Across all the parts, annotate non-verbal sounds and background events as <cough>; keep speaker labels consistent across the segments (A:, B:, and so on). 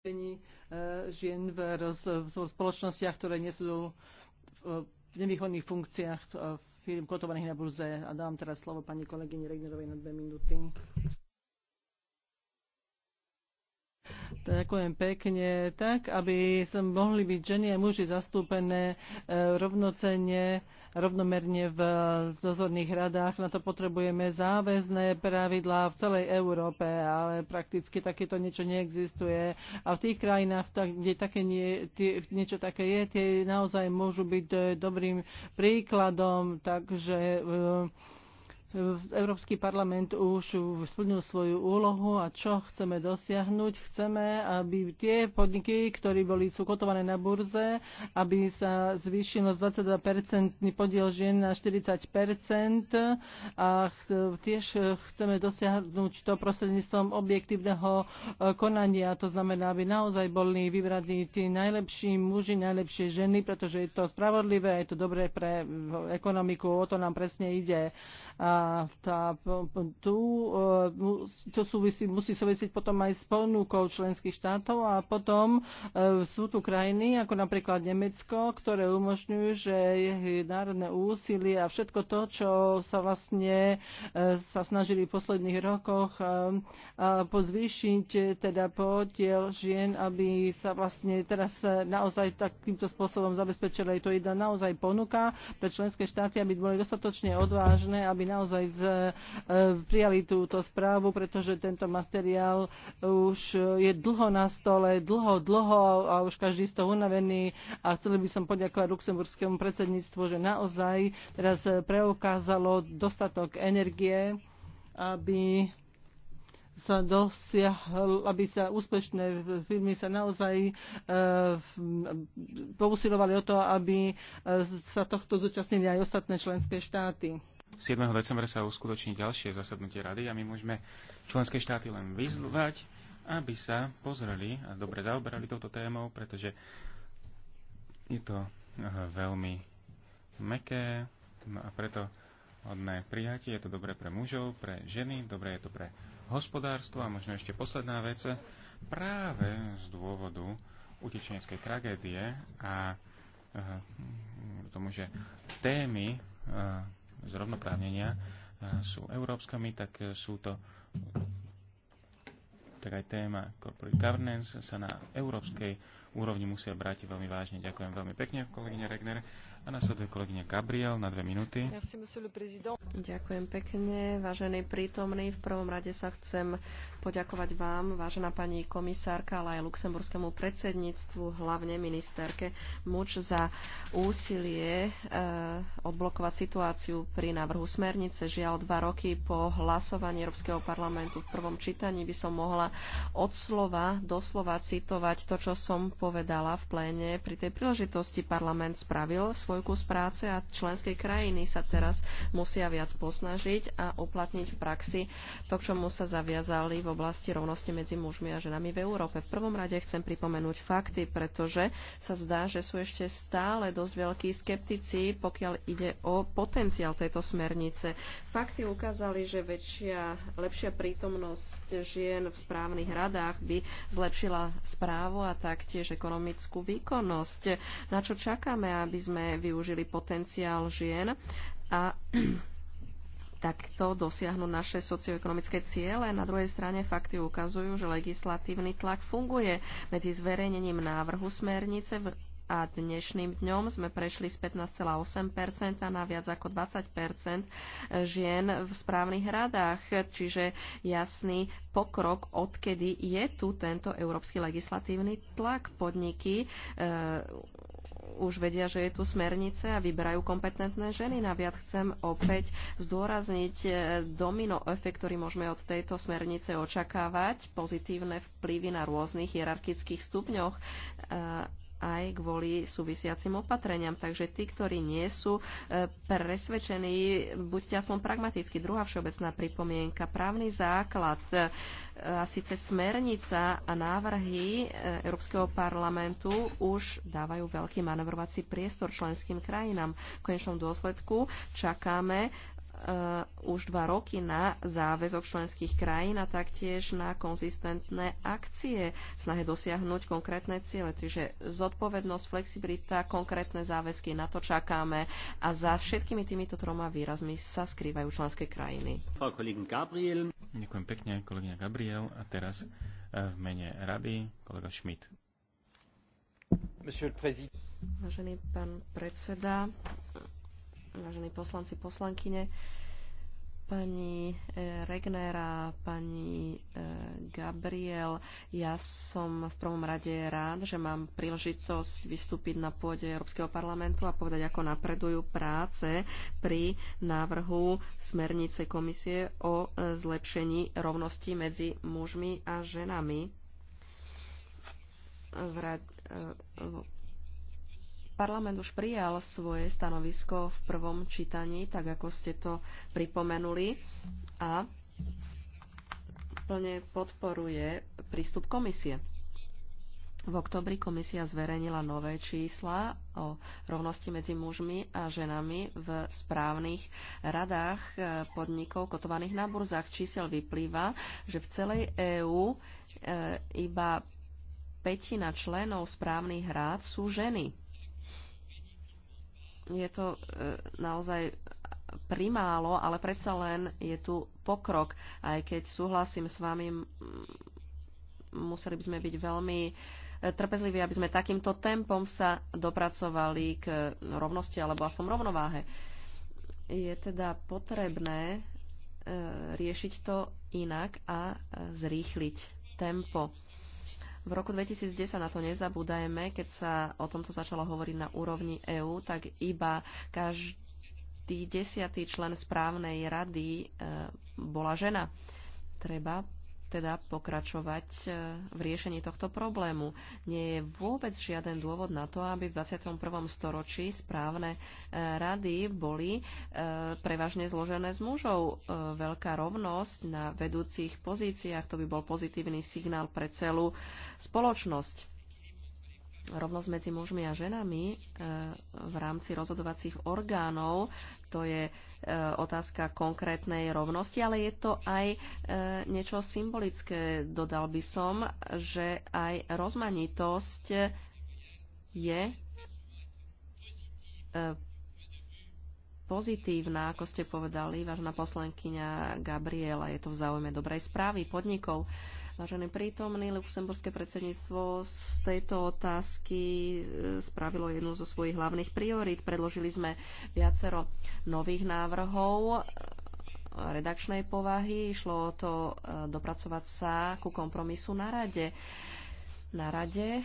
A: zastúpení žien v, roz, v spoločnostiach, ktoré nie sú e, v nevýchodných funkciách e, firm kotovaných na burze. A dávam teraz slovo pani kolegyni Regnerovej na dve minúty. Ďakujem pekne. Tak, aby som mohli byť ženy a muži zastúpené e, rovnocenne rovnomerne v dozorných radách. Na to potrebujeme záväzné pravidlá v celej Európe, ale prakticky takéto niečo neexistuje. A v tých krajinách, kde také nie, tie, niečo také je, tie naozaj môžu byť eh, dobrým príkladom. Takže eh, Európsky parlament už splnil svoju úlohu a čo chceme dosiahnuť? Chceme, aby tie podniky, ktoré boli sú kotované na burze, aby sa zvýšilo z 22% podiel žien na 40% a tiež chceme dosiahnuť to prostredníctvom objektívneho eh, konania. To znamená, aby naozaj boli vybraní tí najlepší muži, najlepšie ženy, pretože je to spravodlivé, je to dobré pre ekonomiku, o to nám presne ide. A a tá, tu, e, to súvisí, musí súvisieť potom aj s ponúkou členských štátov a potom e, sú tu krajiny, ako napríklad Nemecko, ktoré umožňujú, že národné úsilie a všetko to, čo sa vlastne e, sa snažili v posledných rokoch pozvýšiť teda podiel žien, aby sa vlastne teraz naozaj takýmto spôsobom zabezpečila. aj to jedna naozaj ponuka pre členské štáty, aby boli dostatočne odvážne, aby naozaj naozaj z, e, prijali túto správu, pretože tento materiál už je dlho na stole, dlho, dlho a už každý z toho unavený a chceli by som poďakovať luxemburskému predsedníctvu, že naozaj teraz preukázalo dostatok energie, aby sa dosiahol, aby sa úspešné firmy sa naozaj e, pousilovali o to, aby sa tohto zúčastnili aj ostatné členské štáty.
B: 7. decembra sa uskutoční ďalšie zasadnutie rady a my môžeme členské štáty len vyzvať, aby sa pozreli a dobre zaoberali touto témou, pretože je to eh, veľmi meké no a preto hodné prijatie. Je to dobré pre mužov, pre ženy, dobré je to pre hospodárstvo a možno ešte posledná vec. Práve z dôvodu utečeneckej tragédie a eh, tomu, že témy eh, zrovnoprávnenia e, sú európskami, tak e, sú to tak aj téma corporate governance sa na európskej úrovni musia brať veľmi vážne. Ďakujem veľmi pekne, kolegyne Regner. A nasleduje kolegyňa Gabriel na dve minúty.
C: Ďakujem pekne, vážený prítomný. V prvom rade sa chcem poďakovať vám, vážená pani komisárka, ale aj luxemburskému predsedníctvu, hlavne ministerke Muč za úsilie e, odblokovať situáciu pri návrhu smernice. Žiaľ, dva roky po hlasovaní Európskeho parlamentu v prvom čítaní by som mohla od slova doslova citovať to, čo som povedala v pléne. Pri tej príležitosti parlament spravil svoj svoj kus práce a členské krajiny sa teraz musia viac posnažiť a uplatniť v praxi to, k čomu sa zaviazali v oblasti rovnosti medzi mužmi a ženami v Európe. V prvom rade chcem pripomenúť fakty, pretože sa zdá, že sú ešte stále dosť veľkí skeptici, pokiaľ ide o potenciál tejto smernice. Fakty ukázali, že väčšia, lepšia prítomnosť žien v správnych radách by zlepšila správu a taktiež ekonomickú výkonnosť. Na čo čakáme, aby sme využili potenciál žien a <clears throat> takto dosiahnu naše socioekonomické ciele. Na druhej strane fakty ukazujú, že legislatívny tlak funguje. Medzi zverejnením návrhu smernice v a dnešným dňom sme prešli z 15,8% na viac ako 20% žien v správnych radách. Čiže jasný pokrok, odkedy je tu tento európsky legislatívny tlak. Podniky e, už vedia, že je tu smernice a vyberajú kompetentné ženy. Naviac chcem opäť zdôrazniť eh, domino efekt, ktorý môžeme od tejto smernice očakávať, pozitívne vplyvy na rôznych hierarchických stupňoch eh, aj kvôli súvisiacim opatreniam. Takže tí, ktorí nie sú e, presvedčení, buďte aspoň pragmaticky. Druhá všeobecná pripomienka, právny základ e, a síce smernica a návrhy e, Európskeho parlamentu už dávajú veľký manevrovací priestor členským krajinám. V konečnom dôsledku čakáme Uh, už dva roky na záväzok členských krajín a taktiež na konzistentné akcie v snahe dosiahnuť konkrétne ciele. Čiže zodpovednosť, flexibilita, konkrétne záväzky, na to čakáme a za všetkými týmito troma výrazmi sa skrývajú členské krajiny.
B: Ďakujem pekne, kolegyňa Gabriel. A teraz eh, v mene rady kolega Schmidt.
C: Vážený pán predseda, vážení poslanci, poslankyne, pani e, Regnera, pani e, Gabriel. Ja som v prvom rade rád, že mám príležitosť vystúpiť na pôde Európskeho parlamentu a povedať, ako napredujú práce pri návrhu smernice komisie o e, zlepšení rovnosti medzi mužmi a ženami v Parlament už prijal svoje stanovisko v prvom čítaní, tak ako ste to pripomenuli, a plne podporuje prístup komisie. V oktobri komisia zverejnila nové čísla o rovnosti medzi mužmi a ženami v správnych radách e, podnikov kotovaných na burzách. Čísel vyplýva, že v celej EÚ e, iba petina členov správnych rád sú ženy je to e, naozaj primálo, ale predsa len je tu pokrok. Aj keď súhlasím s vami, museli by sme byť veľmi e, trpezliví, aby sme takýmto tempom sa dopracovali k rovnosti alebo aspoň rovnováhe. Je teda potrebné e, riešiť to inak a zrýchliť tempo. V roku 2010 na to nezabúdajme, keď sa o tomto začalo hovoriť na úrovni EÚ, tak iba každý desiatý člen správnej rady e, bola žena. Treba teda pokračovať e, v riešení tohto problému. Nie je vôbec žiaden dôvod na to, aby v 21. storočí správne e, rady boli e, prevažne zložené z mužov. Veľká rovnosť na vedúcich pozíciách, to by bol pozitívny signál pre celú spoločnosť rovnosť medzi mužmi a ženami e, v rámci rozhodovacích orgánov. To je e, otázka konkrétnej rovnosti, ale je to aj e, niečo symbolické. Dodal by som, že aj rozmanitosť je pozitívna, ako ste povedali, vážna poslankyňa Gabriela. Je to v záujme dobrej správy podnikov. Vážený prítomný, luxemburské predsedníctvo z tejto otázky e, spravilo jednu zo svojich hlavných priorít. Predložili sme viacero nových návrhov e, redakčnej povahy. Išlo o to e, dopracovať sa ku kompromisu na rade. Na rade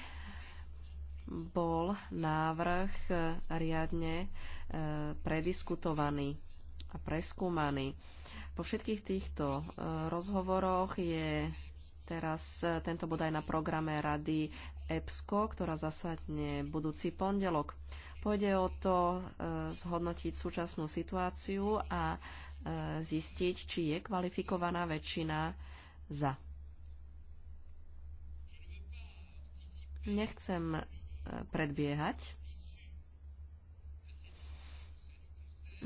C: bol návrh riadne prediskutovaný a preskúmaný. Po všetkých týchto rozhovoroch je teraz e, tento bod aj na programe Rady EPSCO, ktorá zasadne budúci pondelok. Pôjde o to e, zhodnotiť súčasnú situáciu a e, zistiť, či je kvalifikovaná väčšina za. Nechcem predbiehať.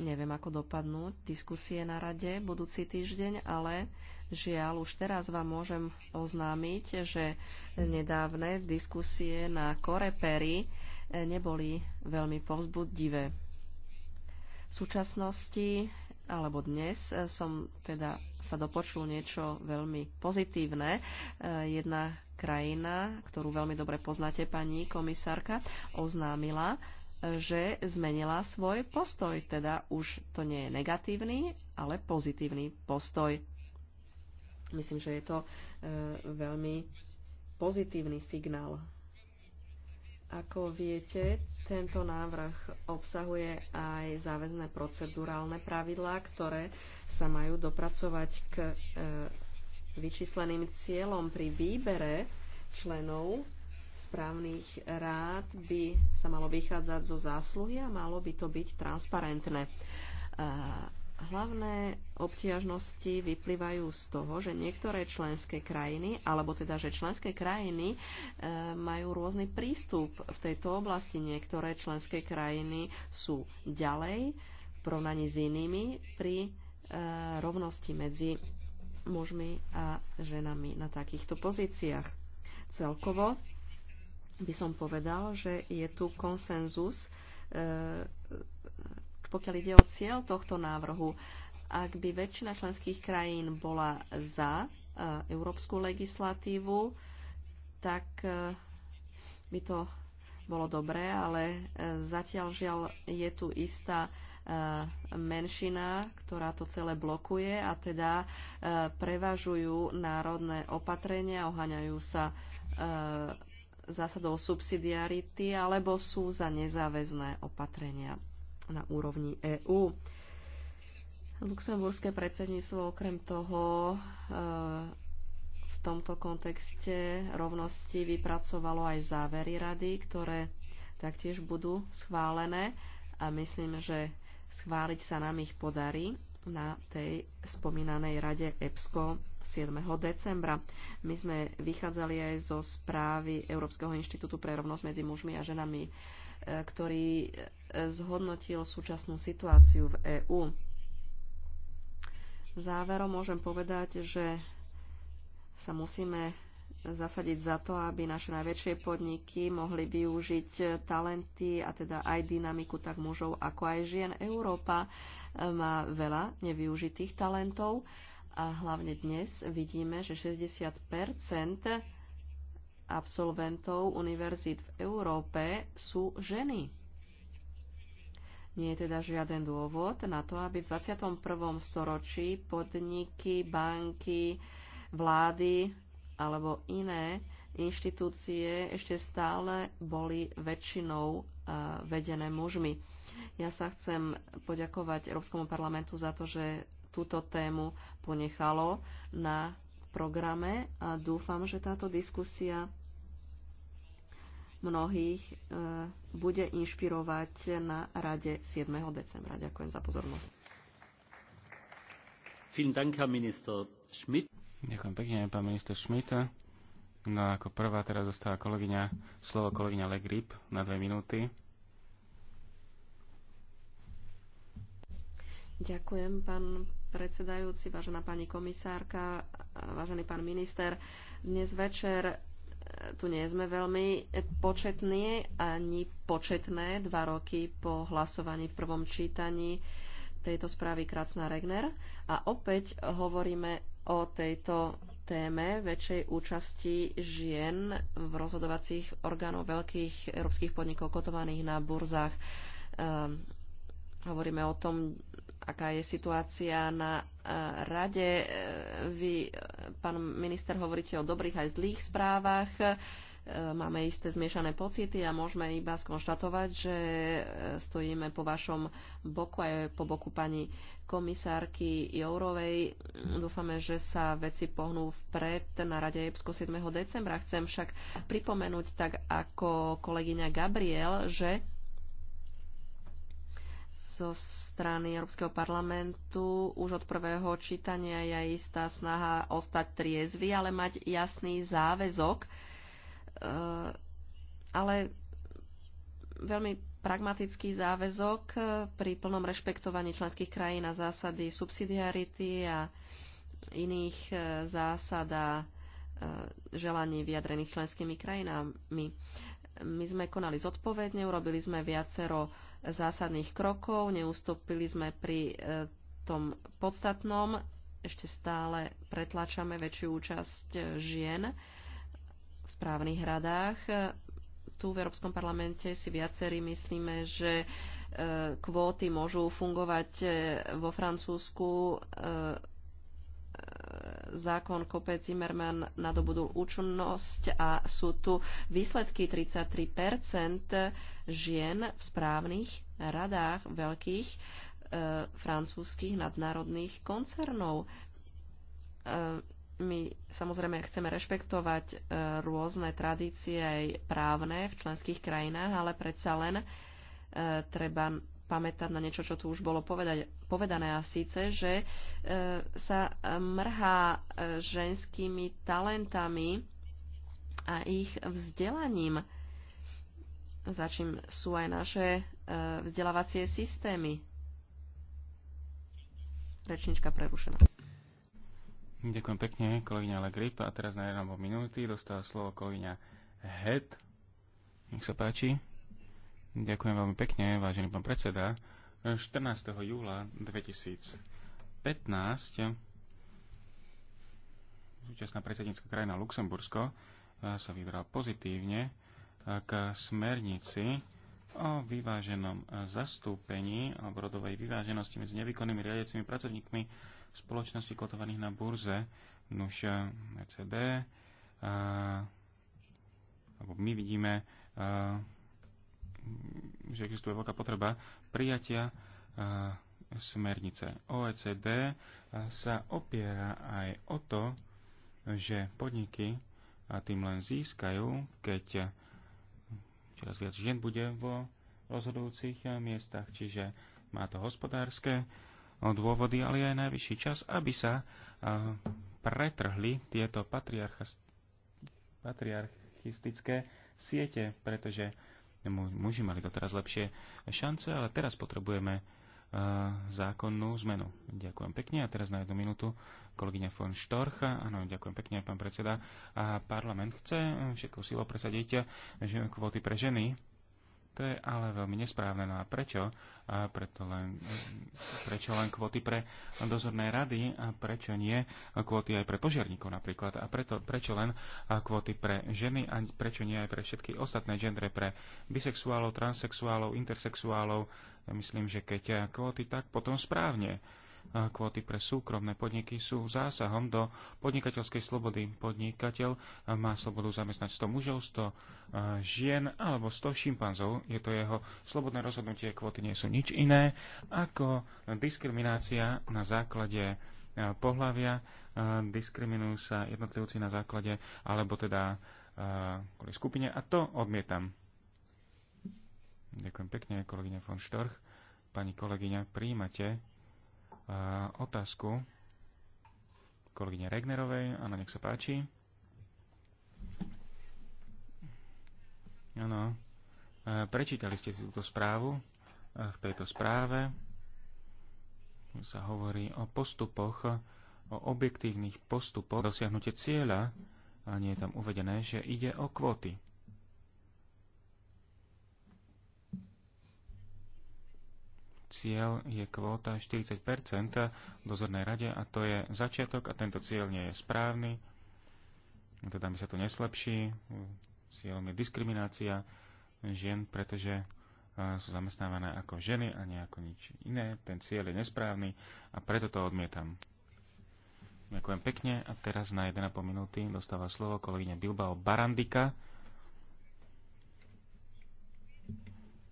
C: Neviem, ako dopadnú diskusie na rade budúci týždeň, ale Žiaľ, už teraz vám môžem oznámiť, že nedávne diskusie na Korepery eh, neboli veľmi povzbudivé. V súčasnosti alebo dnes eh, som teda sa dopočul niečo veľmi pozitívne. Eh, jedna krajina, ktorú veľmi dobre poznáte, pani komisárka, oznámila, že zmenila svoj postoj. Teda už to nie je negatívny, ale pozitívny postoj Myslím, že je to e, veľmi pozitívny signál. Ako viete, tento návrh obsahuje aj záväzné procedurálne pravidlá, ktoré sa majú dopracovať k e, vyčísleným cieľom pri výbere členov správnych rád by sa malo vychádzať zo zásluhy a malo by to byť transparentné. Hlavné obtiažnosti vyplývajú z toho, že niektoré členské krajiny, alebo teda, že členské krajiny e, majú rôzny prístup v tejto oblasti. Niektoré členské krajiny sú ďalej v porovnaní s inými pri e, rovnosti medzi mužmi a ženami na takýchto pozíciách. Celkovo by som povedal, že je tu konsenzus e, pokiaľ ide o cieľ tohto návrhu, ak by väčšina členských krajín bola za e, európsku legislatívu, tak e, by to bolo dobré, ale e, zatiaľ žiaľ je tu istá menšina, ktorá to celé blokuje a teda prevažujú národné opatrenia, oháňajú sa zásadou subsidiarity alebo sú za nezáväzné opatrenia na úrovni EÚ. Luxemburské predsedníctvo okrem toho e, v tomto kontexte rovnosti vypracovalo aj závery rady, ktoré taktiež budú schválené a myslím, že schváliť sa nám ich podarí na tej spomínanej rade EPSCO 7. decembra. My sme vychádzali aj zo správy Európskeho inštitútu pre rovnosť medzi mužmi a ženami, e, ktorý zhodnotil súčasnú situáciu v EÚ. Záverom môžem povedať, že sa musíme zasadiť za to, aby naše najväčšie podniky mohli využiť talenty a teda aj dynamiku tak mužov ako aj žien. Európa e, má veľa nevyužitých talentov a hlavne dnes vidíme, že 60 absolventov univerzít v Európe sú ženy. Nie je teda žiaden dôvod na to, aby v 21. storočí podniky, banky, vlády alebo iné inštitúcie ešte stále boli väčšinou e, vedené mužmi. Ja sa chcem poďakovať Európskomu parlamentu za to, že túto tému ponechalo na programe a dúfam, že táto diskusia mnohých e, bude inšpirovať na rade 7. decembra. Ďakujem za pozornosť.
B: Ďakujem pekne, pán minister Schmidt. No a ako prvá teraz zostáva kolegyňa, slovo kolegyňa Legrip na dve minúty.
C: Ďakujem, pán predsedajúci, vážená pani komisárka, vážený pán minister. Dnes večer tu nie sme veľmi početní ani početné dva roky po hlasovaní v prvom čítaní tejto správy Kracná Regner a opäť hovoríme o tejto téme väčšej účasti žien v rozhodovacích orgánoch veľkých európskych podnikov kotovaných na burzách. Ehm, hovoríme o tom, aká je situácia na e, rade. E, vy, pán minister, hovoríte o dobrých aj zlých správach. E, máme isté zmiešané pocity a môžeme iba skonštatovať, že stojíme po vašom boku aj po boku pani komisárky Jourovej. Dúfame, že sa veci pohnú vpred na Rade EPSCO 7. decembra. Chcem však pripomenúť, tak ako kolegyňa Gabriel, že zo strany Európskeho parlamentu už od prvého čítania je istá snaha ostať triezvy, ale mať jasný záväzok. E, ale veľmi pragmatický záväzok e, pri plnom rešpektovaní členských krajín a zásady subsidiarity a iných e, zásad a želaní vyjadrených členskými krajinami. My sme konali zodpovedne, urobili sme viacero zásadných krokov, neustúpili sme pri e, tom podstatnom, ešte stále pretlačame väčšiu účasť e, žien v správnych radách. Tu v Európskom parlamente si viacerí myslíme, že e, kvóty môžu fungovať vo Francúzsku zákon Kope Zimmerman nadobudol účinnosť a sú tu výsledky 33% žien v správnych radách veľkých e, francúzskych nadnárodných koncernov. E, my samozrejme chceme rešpektovať e, rôzne tradície aj právne v členských krajinách, ale predsa len e, treba pamätať na niečo, čo tu už bolo povedať, povedané a síce, že e, sa mrhá e, ženskými talentami a ich vzdelaním, za čím sú aj naše e, vzdelávacie systémy. Rečnička prerušená.
B: Ďakujem pekne, kolegyňa Legrip. A teraz na jednom minúty dostala slovo kolegyňa Het. Nech sa páči. Ďakujem veľmi pekne, vážený pán predseda. 14. júla 2015 súčasná predsednícka krajina Luxembursko eh, sa vybral pozitívne eh, k smernici o vyváženom eh, zastúpení alebo rodovej vyváženosti medzi nevykonnými riadiacimi pracovníkmi spoločnosti kotovaných na burze Nuž ECD. Alebo my vidíme že existuje veľká potreba prijatia smernice. OECD sa opiera aj o to, že podniky tým len získajú, keď čoraz viac žien bude vo rozhodujúcich miestach. Čiže má to hospodárske dôvody, ale aj najvyšší čas, aby sa pretrhli tieto patriarchistické siete, pretože muži mali doteraz lepšie šance, ale teraz potrebujeme e, zákonnú zmenu. Ďakujem pekne a teraz na jednu minútu kolegyňa von Štorcha. Áno, ďakujem pekne, pán predseda. A parlament chce všetko silo presadiť kvóty pre ženy to je ale veľmi nesprávne. No a prečo? A preto len, prečo len kvóty pre dozorné rady a prečo nie kvóty aj pre požiarníkov napríklad? A preto, prečo len kvóty pre ženy a prečo nie aj pre všetky ostatné gendre, pre bisexuálov, transexuálov, intersexuálov? Ja myslím, že keď kvóty, tak potom správne kvóty pre súkromné podniky sú zásahom do podnikateľskej slobody. Podnikateľ má slobodu zamestnať 100 mužov, 100 e, žien alebo 100 šimpanzov. Je to jeho slobodné rozhodnutie. Kvóty nie sú nič iné ako diskriminácia na základe e, pohľavia. E, diskriminujú sa jednotlivci na základe alebo teda kvôli skupine a to odmietam. Ďakujem pekne, kolegyňa von Štorch. Pani kolegyňa, príjmate otázku kolegyne Regnerovej. Áno, nech sa páči. Áno. E, prečítali ste si túto správu. V tejto správe sa hovorí o postupoch, o objektívnych postupoch dosiahnutie cieľa a nie je tam uvedené, že ide o kvóty. cieľ je kvóta 40 v dozornej rade a to je začiatok a tento cieľ nie je správny. Teda mi sa to neslepší. Cieľom je diskriminácia žien, pretože e, sú zamestnávané ako ženy a nie ako nič iné. Ten cieľ je nesprávny a preto to odmietam. Ďakujem pekne a teraz na 1,5 minúty dostáva slovo kolegyňa Bilbao Barandika.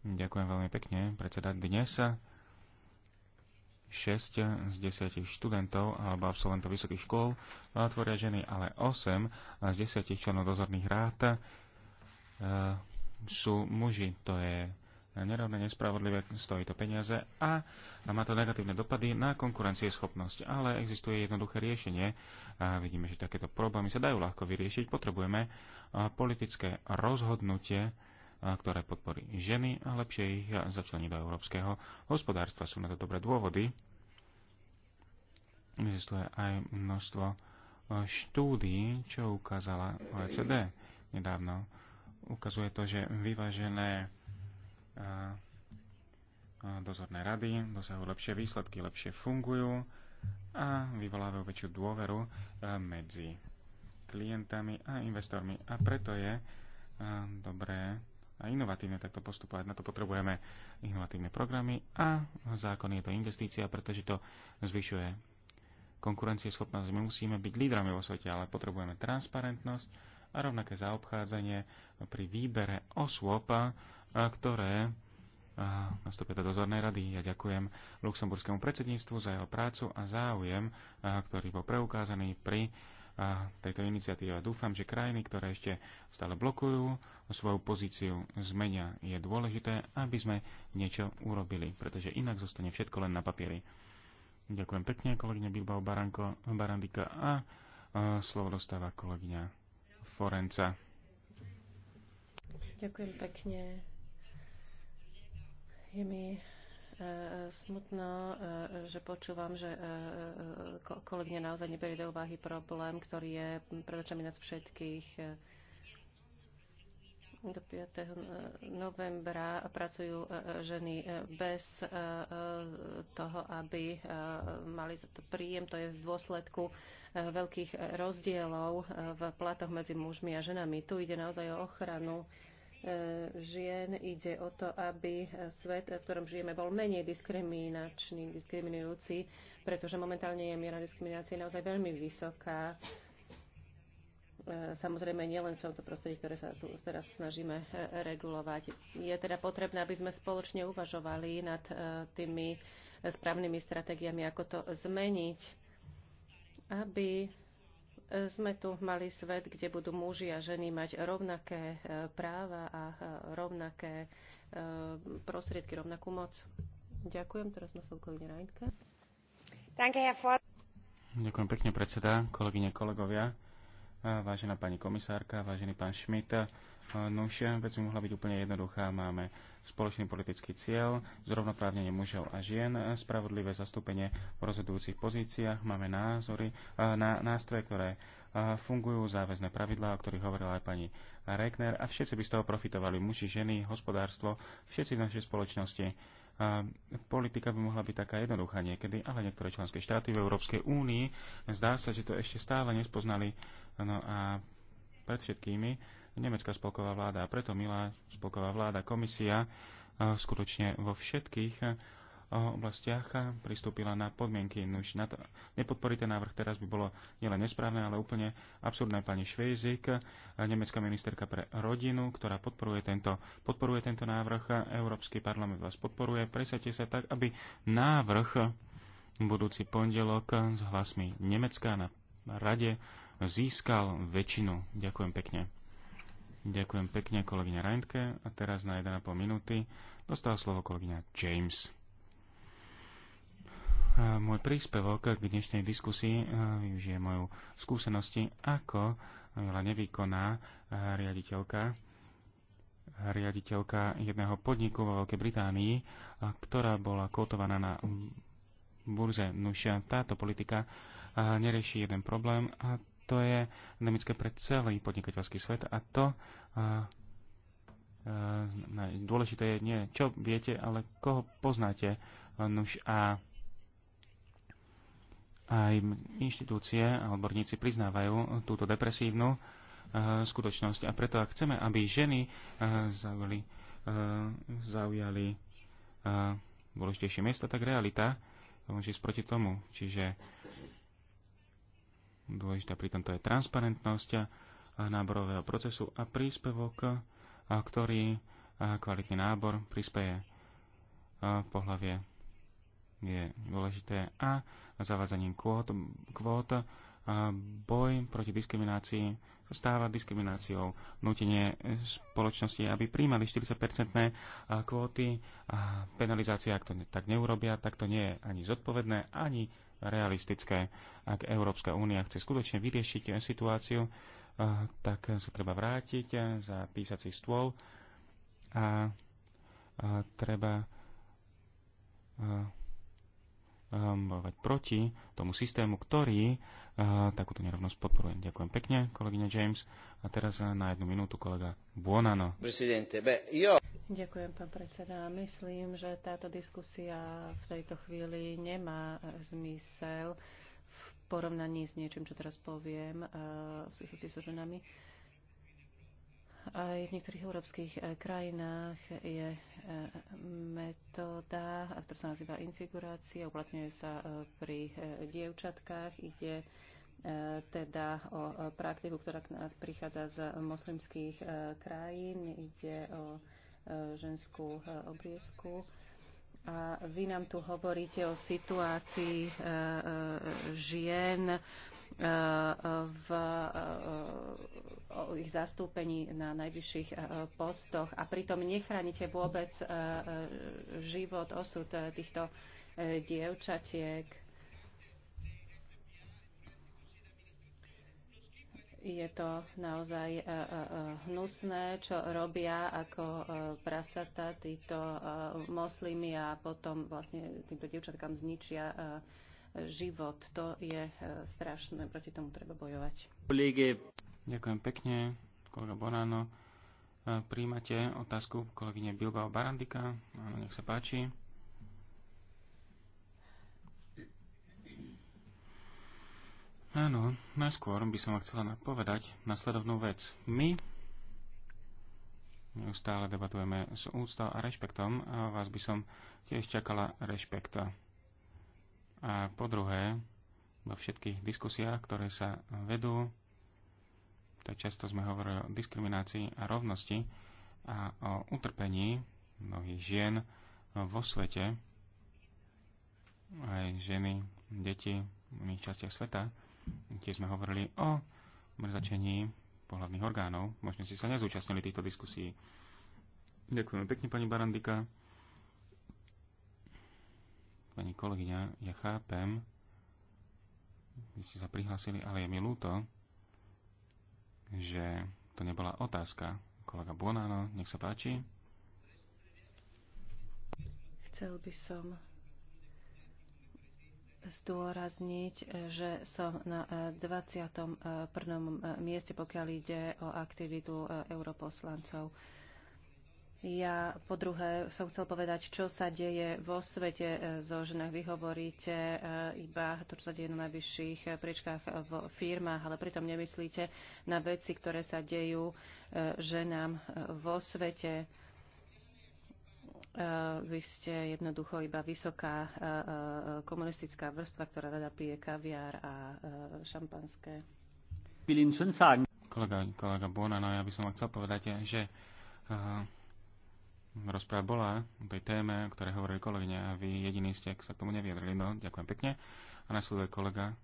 B: Ďakujem veľmi pekne. Predseda dnes 6 z 10 študentov alebo absolventov vysokých škôl tvoria ženy, ale 8 z 10 členov dozorných rád eh, sú muži. To je nerovné, nespravodlivé, stojí to peniaze a má to negatívne dopady na konkurencieschopnosť. Ale existuje jednoduché riešenie. A vidíme, že takéto problémy sa dajú ľahko vyriešiť. Potrebujeme eh, politické rozhodnutie, ktoré podporí ženy a lepšie ich začlení do európskeho hospodárstva. Sú na to dobré dôvody. Existuje aj množstvo e, štúdií, čo ukázala OECD nedávno. Ukazuje to, že vyvážené e, e, dozorné rady dosahujú lepšie výsledky, lepšie fungujú a vyvolávajú väčšiu dôveru medzi klientami a investormi. A preto je dobré a inovatívne takto postupovať. Na to potrebujeme inovatívne programy a zákon je to investícia, pretože to zvyšuje konkurencieschopnosť. My musíme byť lídrami vo svete, ale potrebujeme transparentnosť a rovnaké zaobchádzanie pri výbere osôb, ktoré nastúpia do dozornej rady. Ja ďakujem luxemburskému predsedníctvu za jeho prácu a záujem, ktorý bol preukázaný pri a tejto iniciatíve. Dúfam, že krajiny, ktoré ešte stále blokujú svoju pozíciu, zmenia. Je dôležité, aby sme niečo urobili, pretože inak zostane všetko len na papieri. Ďakujem pekne, kolegyňa Bilbao Baranko, Barandika a, a slovo dostáva kolegyňa Forenca.
D: Ďakujem pekne. Je mi E, smutno, e, že počúvam, že e, kolegyňa naozaj neberie do úvahy problém, ktorý je pred očami nás všetkých. Do 5. novembra pracujú ženy bez toho, aby mali za to príjem. To je v dôsledku veľkých rozdielov v platoch medzi mužmi a ženami. Tu ide naozaj o ochranu E, žien ide o to, aby svet, v ktorom žijeme, bol menej diskriminačný, diskriminujúci, pretože momentálne je miera diskriminácie naozaj veľmi vysoká. E, samozrejme, nielen v tomto prostredí, ktoré sa tu teraz snažíme e, regulovať. Je teda potrebné, aby sme spoločne uvažovali nad tými správnymi stratégiami, ako to zmeniť, aby sme tu mali svet, kde budú muži a ženy mať rovnaké e, práva a e, rovnaké e, prostriedky, rovnakú moc. Ďakujem. Teraz má slovo kolegyňa Rajnka.
B: Ďakujem pekne, predseda, kolegyne, kolegovia, vážená pani komisárka, vážený pán Šmita novšia, vec by mohla byť úplne jednoduchá. Máme spoločný politický cieľ, zrovnoprávnenie mužov a žien, spravodlivé zastúpenie v rozhodujúcich pozíciách, máme názory, na, nástroje, ktoré fungujú, záväzné pravidlá, o ktorých hovorila aj pani Rekner a všetci by z toho profitovali, muži, ženy, hospodárstvo, všetci v našej spoločnosti. Politika by mohla byť taká jednoduchá niekedy, ale niektoré členské štáty v Európskej únii zdá sa, že to ešte stále nespoznali. No a pred všetkými nemecká spolková vláda. A preto, milá spolková vláda, komisia eh, skutočne vo všetkých eh, oblastiach eh, pristúpila na podmienky. No už na to, nepodporíte návrh teraz by bolo nielen nesprávne, ale úplne absurdné. Pani Švejzik, nemecká ministerka pre rodinu, ktorá podporuje tento, podporuje tento návrh, Európsky parlament vás podporuje. Presadte sa tak, aby návrh budúci pondelok s hlasmi Nemecka na rade získal väčšinu. Ďakujem pekne. Ďakujem pekne kolegyňa Reintke a teraz na 1,5 minúty dostal slovo kolegyňa James. Môj príspevok k dnešnej diskusii využije moju skúsenosti, ako veľa nevykoná riaditeľka riaditeľka jedného podniku vo Veľkej Británii, ktorá bola kotovaná na burze. Nušia. táto politika nerieši jeden problém a to je endemické pre celý podnikateľský svet a to dôležité je nie čo viete, ale koho poznáte. Nuž a aj inštitúcie a odborníci priznávajú túto depresívnu skutočnosť. A preto, ak chceme, aby ženy zaujali, zaujali dôležitejšie miesta, tak realita môže ísť proti tomu. Čiže Dôležitá pri tomto je transparentnosť náborového procesu a príspevok, ktorý kvalitný nábor prispieje pohlavie je dôležité a zavádzaním kvót, kvót boj proti diskriminácii stáva diskrimináciou. Nutenie spoločnosti, aby príjmali 40-percentné kvóty a penalizácia, ak to tak neurobia, tak to nie je ani zodpovedné, ani realistické. Ak Európska únia chce skutočne vyriešiť situáciu, eh, tak sa treba vrátiť eh, za písací stôl a eh, treba bojovať proti tomu systému, ktorý takúto nerovnosť podporuje. Ďakujem pekne, kolegyňa James. A teraz na jednu minútu kolega Buonano.
A: Presidente, be, jo...
D: Ďakujem, pán predseda. Myslím, že táto diskusia v tejto chvíli nemá zmysel v porovnaní s niečím, čo teraz poviem eh, v súvislosti so ženami. Aj v niektorých európskych eh, krajinách je eh, metóda, ktorá sa nazýva infigurácia, uplatňuje sa pri dievčatkách. Ide teda o praktiku, ktorá prichádza z moslimských krajín. Ide o ženskú e, obriezku. A vy nám tu hovoríte o situácii e, e, žien v o ich zastúpení na najvyšších postoch a pritom nechránite vôbec život, osud týchto dievčatiek Je to naozaj e, e, e, hnusné, čo robia ako prasata títo moslimy a potom vlastne týmto dievčatkám zničia život. To je strašné, proti tomu treba bojovať.
B: Ďakujem pekne, kolega Borano. Príjmate otázku kolegyne Bilbao Barandika. Áno, nech sa páči. Áno, najskôr by som chcela napovedať nasledovnú vec. My neustále debatujeme s úctou a rešpektom a vás by som tiež čakala rešpekta. A po druhé, vo všetkých diskusiách, ktoré sa vedú, tak často sme hovorili o diskriminácii a rovnosti a o utrpení mnohých žien vo svete, aj ženy, deti v iných častiach sveta, Tiež sme hovorili o mrzačení pohľadných orgánov. Možno si sa nezúčastnili týchto diskusí. Ďakujeme pekne, pani Barandika. Pani kolegyňa, ja chápem, vy ste sa prihlásili, ale je mi ľúto, že to nebola otázka. Kolega Buonano, nech sa páči.
D: Chcel by som zdôrazniť, že som na 21. E, e, e, mieste, pokiaľ ide o aktivitu europoslancov. Ja po druhé som chcel povedať, čo sa deje vo svete zo ženách. Vy hovoríte iba to, čo sa deje na najvyšších priečkách v firmách, ale pritom nemyslíte na veci, ktoré sa dejú ženám vo svete E, vy ste jednoducho iba vysoká e, e, komunistická vrstva, ktorá rada pije kaviár a šampanské.
B: Kolega, kolega Bona, no ja by som vám chcel povedať, že uh, rozpráva bola o tej téme, o ktorej hovorili kolegyne a vy jediný ste, ak sa k tomu neviedrili. No, ďakujem pekne. A nasleduje kolega,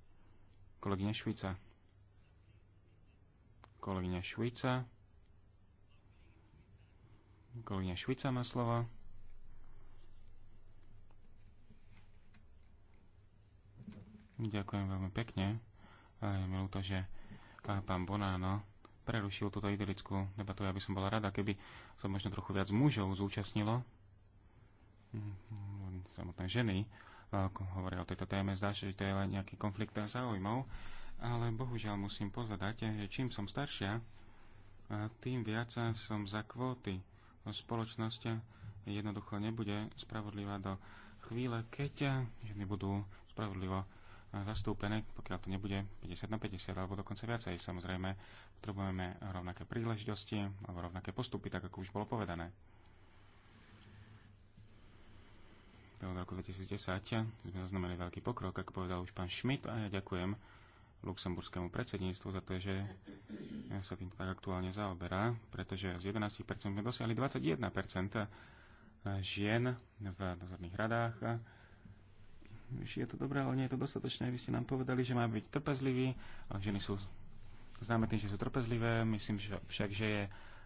B: kolegyňa Švica. Kolegyňa Švica. Kolegyne Švica má slovo. Ďakujem veľmi pekne. A je mi ľúto, že pán Bonáno prerušil túto idylickú debatu. Ja by som bola rada, keby sa možno trochu viac mužov zúčastnilo. Mm, mm, samotné ženy hovoria o tejto téme. Zdá sa, že to je len nejaký konflikt záujmov. Ale bohužiaľ musím povedať, že čím som staršia, tým viac som za kvóty. Spoločnosť jednoducho nebude spravodlivá do chvíle, keď ženy budú spravodlivo zastúpené, pokiaľ to nebude 50 na 50 alebo dokonca viacej. Samozrejme, potrebujeme rovnaké príležitosti alebo rovnaké postupy, tak ako už bolo povedané. To od roku 2010 sme zaznamenali veľký pokrok, ako povedal už pán Schmidt a ja ďakujem luxemburskému predsedníctvu za to, že sa tým tak aktuálne zaoberá, pretože z 11% sme dosiahli 21% žien v dozorných radách je to dobré, ale nie je to dostatočné. Vy ste nám povedali, že má byť trpezlivý, ale ženy sú známe tým, že sú trpezlivé. Myslím že však, že je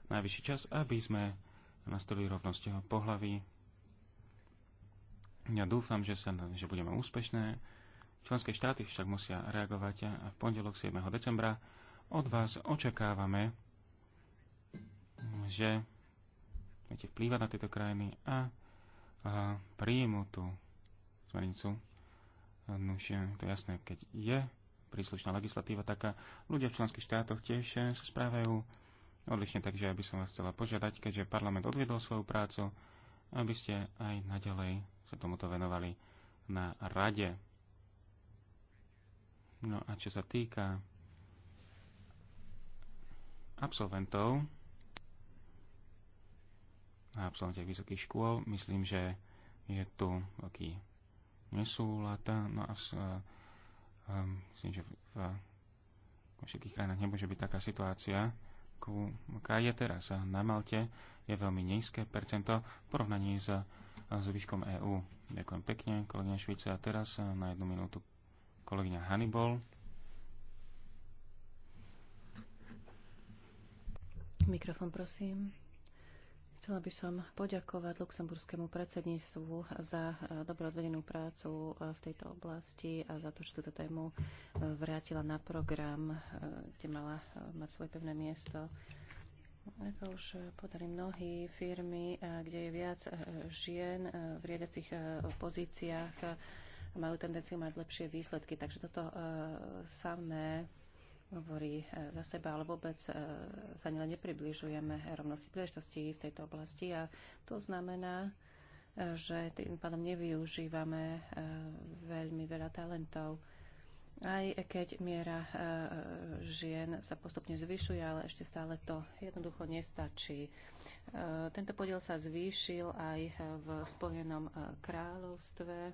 B: najvyšší čas, aby sme nastolili rovnosť pohlaví. Ja dúfam, že, sa, že budeme úspešné. Členské štáty však musia reagovať a v pondelok 7. decembra od vás očakávame, že budete vplývať na tieto krajiny a, a príjmu tú smernicu. No už je to jasné, keď je príslušná legislatíva taká, ľudia v členských štátoch tiež eh, sa správajú odlišne, takže aby som vás chcela požiadať, keďže parlament odviedol svoju prácu, aby ste aj naďalej sa tomuto venovali na rade. No a čo sa týka absolventov a absolventiek vysokých škôl, myslím, že je tu veľký nesúlad. No a um, myslím, že v, v, v všetkých krajinách nemôže byť taká situácia, aká je teraz. Eh, na Malte je veľmi nízke percento v porovnaní s eh, výškom EÚ. Ďakujem pekne, kolegyňa Švice. A teraz na jednu minútu kolegyňa Hannibal.
D: Mikrofon, prosím. Chcela by som poďakovať luxemburskému predsedníctvu za eh, dobro odvedenú prácu eh, v tejto oblasti a za to, že túto tému eh, vrátila na program, kde mala mať svoje pevné miesto. Ako už podali mnohí firmy, kde je viac žien v riadiacich pozíciách, majú tendenciu mať lepšie výsledky. Takže toto samé hovorí e, za seba, ale vôbec e, sa len nepribližujeme rovnosti príležitosti v tejto oblasti a to znamená, e, že tým pádom nevyužívame veľmi veľa talentov. Aj keď miera žien sa postupne zvyšuje, ale ešte stále to jednoducho nestačí. Tento podiel sa zvýšil aj v Spojenom kráľovstve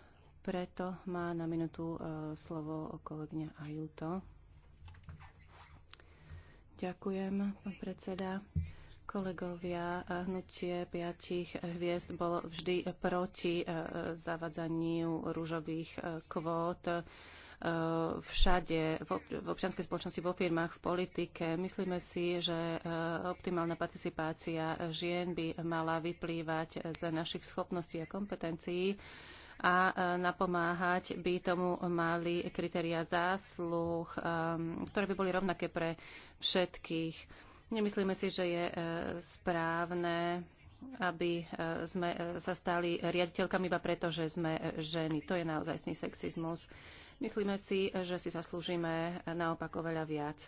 D: preto má na minutu e, slovo kolegyňa Ajuto. Ďakujem, pán predseda kolegovia, e, hnutie piatich hviezd bolo vždy proti e, zavadzaniu rúžových kvót všade, v občianskej spoločnosti, vo firmách, v politike. Myslíme si, že optimálna participácia žien by mala vyplývať z našich schopností a kompetencií a e, napomáhať by tomu mali kritéria zásluh, e, ktoré by boli rovnaké pre všetkých. Nemyslíme si, že je e, správne aby sme sa stali riaditeľkami iba preto, že sme ženy. To je naozajstný sexizmus. Myslíme si, že si zaslúžime naopak oveľa viac.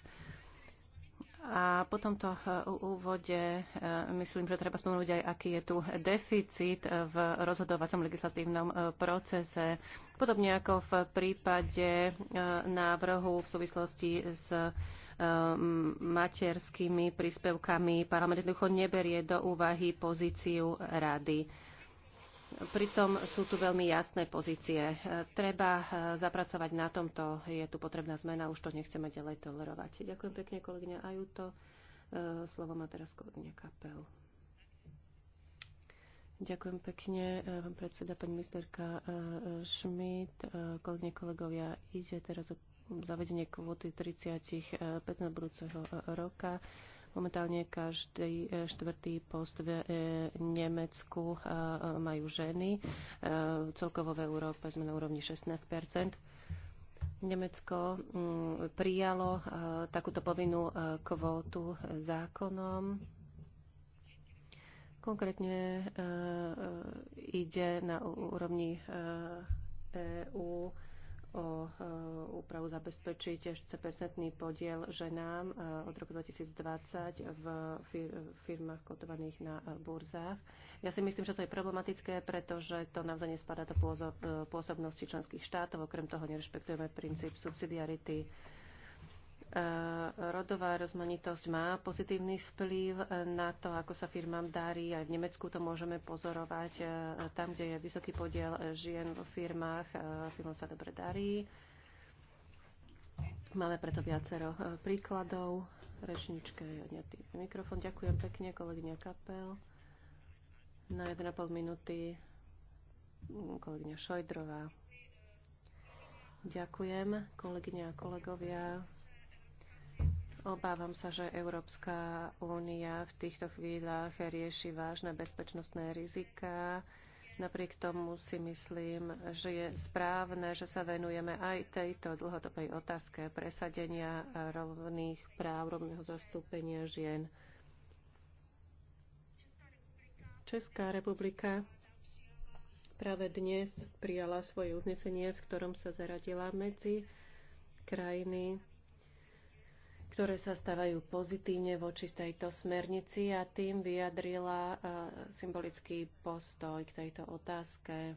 D: A po tomto úvode e, myslím, že treba spomenúť aj, aký je tu deficit v rozhodovacom legislatívnom e, procese. Podobne ako v prípade e, návrhu v súvislosti s materskými príspevkami, parlament jednoducho neberie do úvahy pozíciu rady. Pritom sú tu veľmi jasné pozície. E, Treba e, zapracovať na tomto. Je tu potrebná zmena, už to nechceme ďalej tolerovať. Ďakujem pekne, kolegyňa Ajuto. E, slovo má teraz kolegyňa Kapel. Ďakujem pekne, pán predseda, pani ministerka Šmit. kolegyne, kolegovia. Ide teraz o zavedenie kvóty 30 15 budúceho roka. Momentálne každý e, štvrtý post v e, Nemecku e, majú ženy. Celkovo v Európe sme na úrovni 16 Nemecko mm, prijalo takúto povinnú kvótu zákonom. Konkrétne ide na úrovni EÚ o úpravu zabezpečiť 40-percentný podiel ženám e, od roku 2020 v firmách kotovaných na burzách. Ja si myslím, že to je problematické, pretože to naozaj nespadá do e, pôsobnosti členských štátov. Okrem toho nerešpektujeme princíp subsidiarity E, rodová rozmanitosť má pozitívny vplyv na to, ako sa firmám darí. Aj v Nemecku to môžeme pozorovať. E, tam, kde je vysoký podiel žien vo firmách, e, firmám sa dobre darí. Máme preto viacero príkladov. Rečničke je odňatý mikrofón. Ďakujem pekne, kolegyňa Kapel. Na 1,5 minúty mm, kolegyňa Šojdrová. Ďakujem, kolegyňa a kolegovia. Obávam sa, že Európska únia v týchto chvíľach rieši vážne bezpečnostné rizika. Napriek tomu si myslím, že je správne, že sa venujeme aj tejto dlhodobej otázke presadenia rovných práv, rovného zastúpenia žien. Česká republika práve dnes prijala svoje uznesenie, v ktorom sa zaradila medzi krajiny ktoré sa stavajú pozitívne voči tejto smernici a tým vyjadrila e, symbolický postoj k tejto otázke.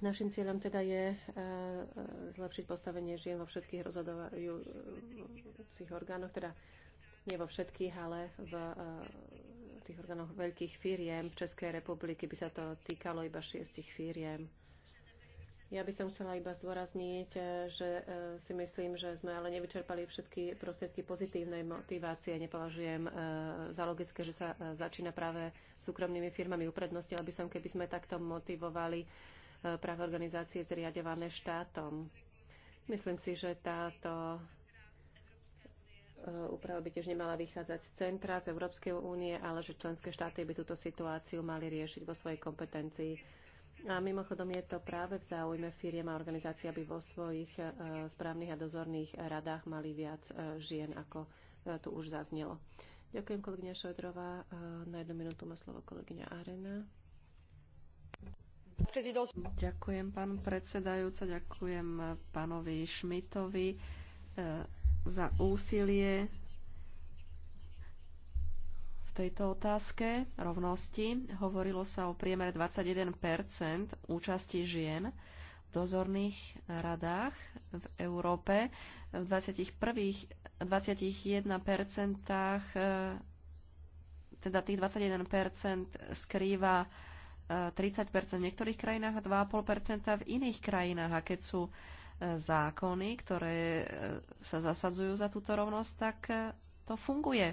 D: Našim cieľom teda je e, zlepšiť postavenie žien vo všetkých rozhodovajúcich orgánoch, teda nie vo všetkých, ale v e, tých orgánoch veľkých firiem. V Českej republiky by sa to týkalo iba šiestich firiem. Ja by som chcela iba zdôrazniť, eh, že eh, si myslím, že sme ale nevyčerpali všetky prostriedky pozitívnej motivácie. Nepovažujem eh, za logické, že sa začína práve súkromnými firmami uprednostnila by som, keby sme takto motivovali práve organizácie zriadované štátom. Myslím si, že táto úprava by tiež nemala vychádzať z centra, z Európskej únie, ale že členské štáty by túto situáciu mali riešiť vo svojej kompetencii. A mimochodom je to práve v záujme firiem a organizácií, aby vo svojich e, správnych a dozorných radách mali viac e, žien, ako e, tu už zaznelo. Ďakujem kolegyňa
C: Šojdrová.
D: Na jednu minútu má slovo kolegyňa Arena.
C: Ďakujem pán predsedajúca, ďakujem pánovi Šmitovi za úsilie tejto otázke rovnosti. Hovorilo sa o priemere 21 účasti žien v dozorných radách v Európe. V 21, 21 e, teda tých 21 skrýva 30 e, v niektorých krajinách a 2,5 v iných krajinách. A keď sú e, zákony, ktoré sa zasadzujú za túto rovnosť, tak to funguje.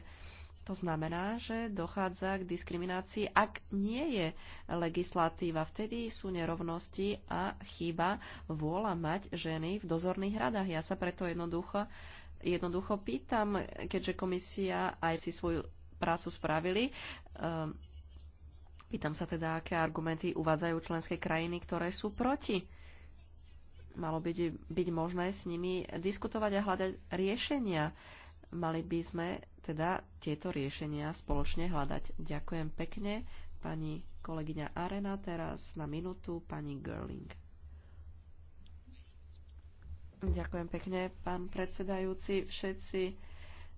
C: To znamená, že dochádza k diskriminácii, ak nie je legislatíva. Vtedy sú nerovnosti a chyba vôľa mať ženy v dozorných radách. Ja sa preto jednoducho, jednoducho pýtam, keďže komisia aj si svoju prácu spravili. Ehm, pýtam sa teda, aké argumenty uvádzajú členské krajiny, ktoré sú proti. Malo byť, byť možné s nimi diskutovať a hľadať riešenia Mali by sme teda tieto riešenia spoločne hľadať. Ďakujem pekne pani kolegyňa Arena, teraz na minútu pani Girling. Ďakujem pekne, pán predsedajúci. Všetci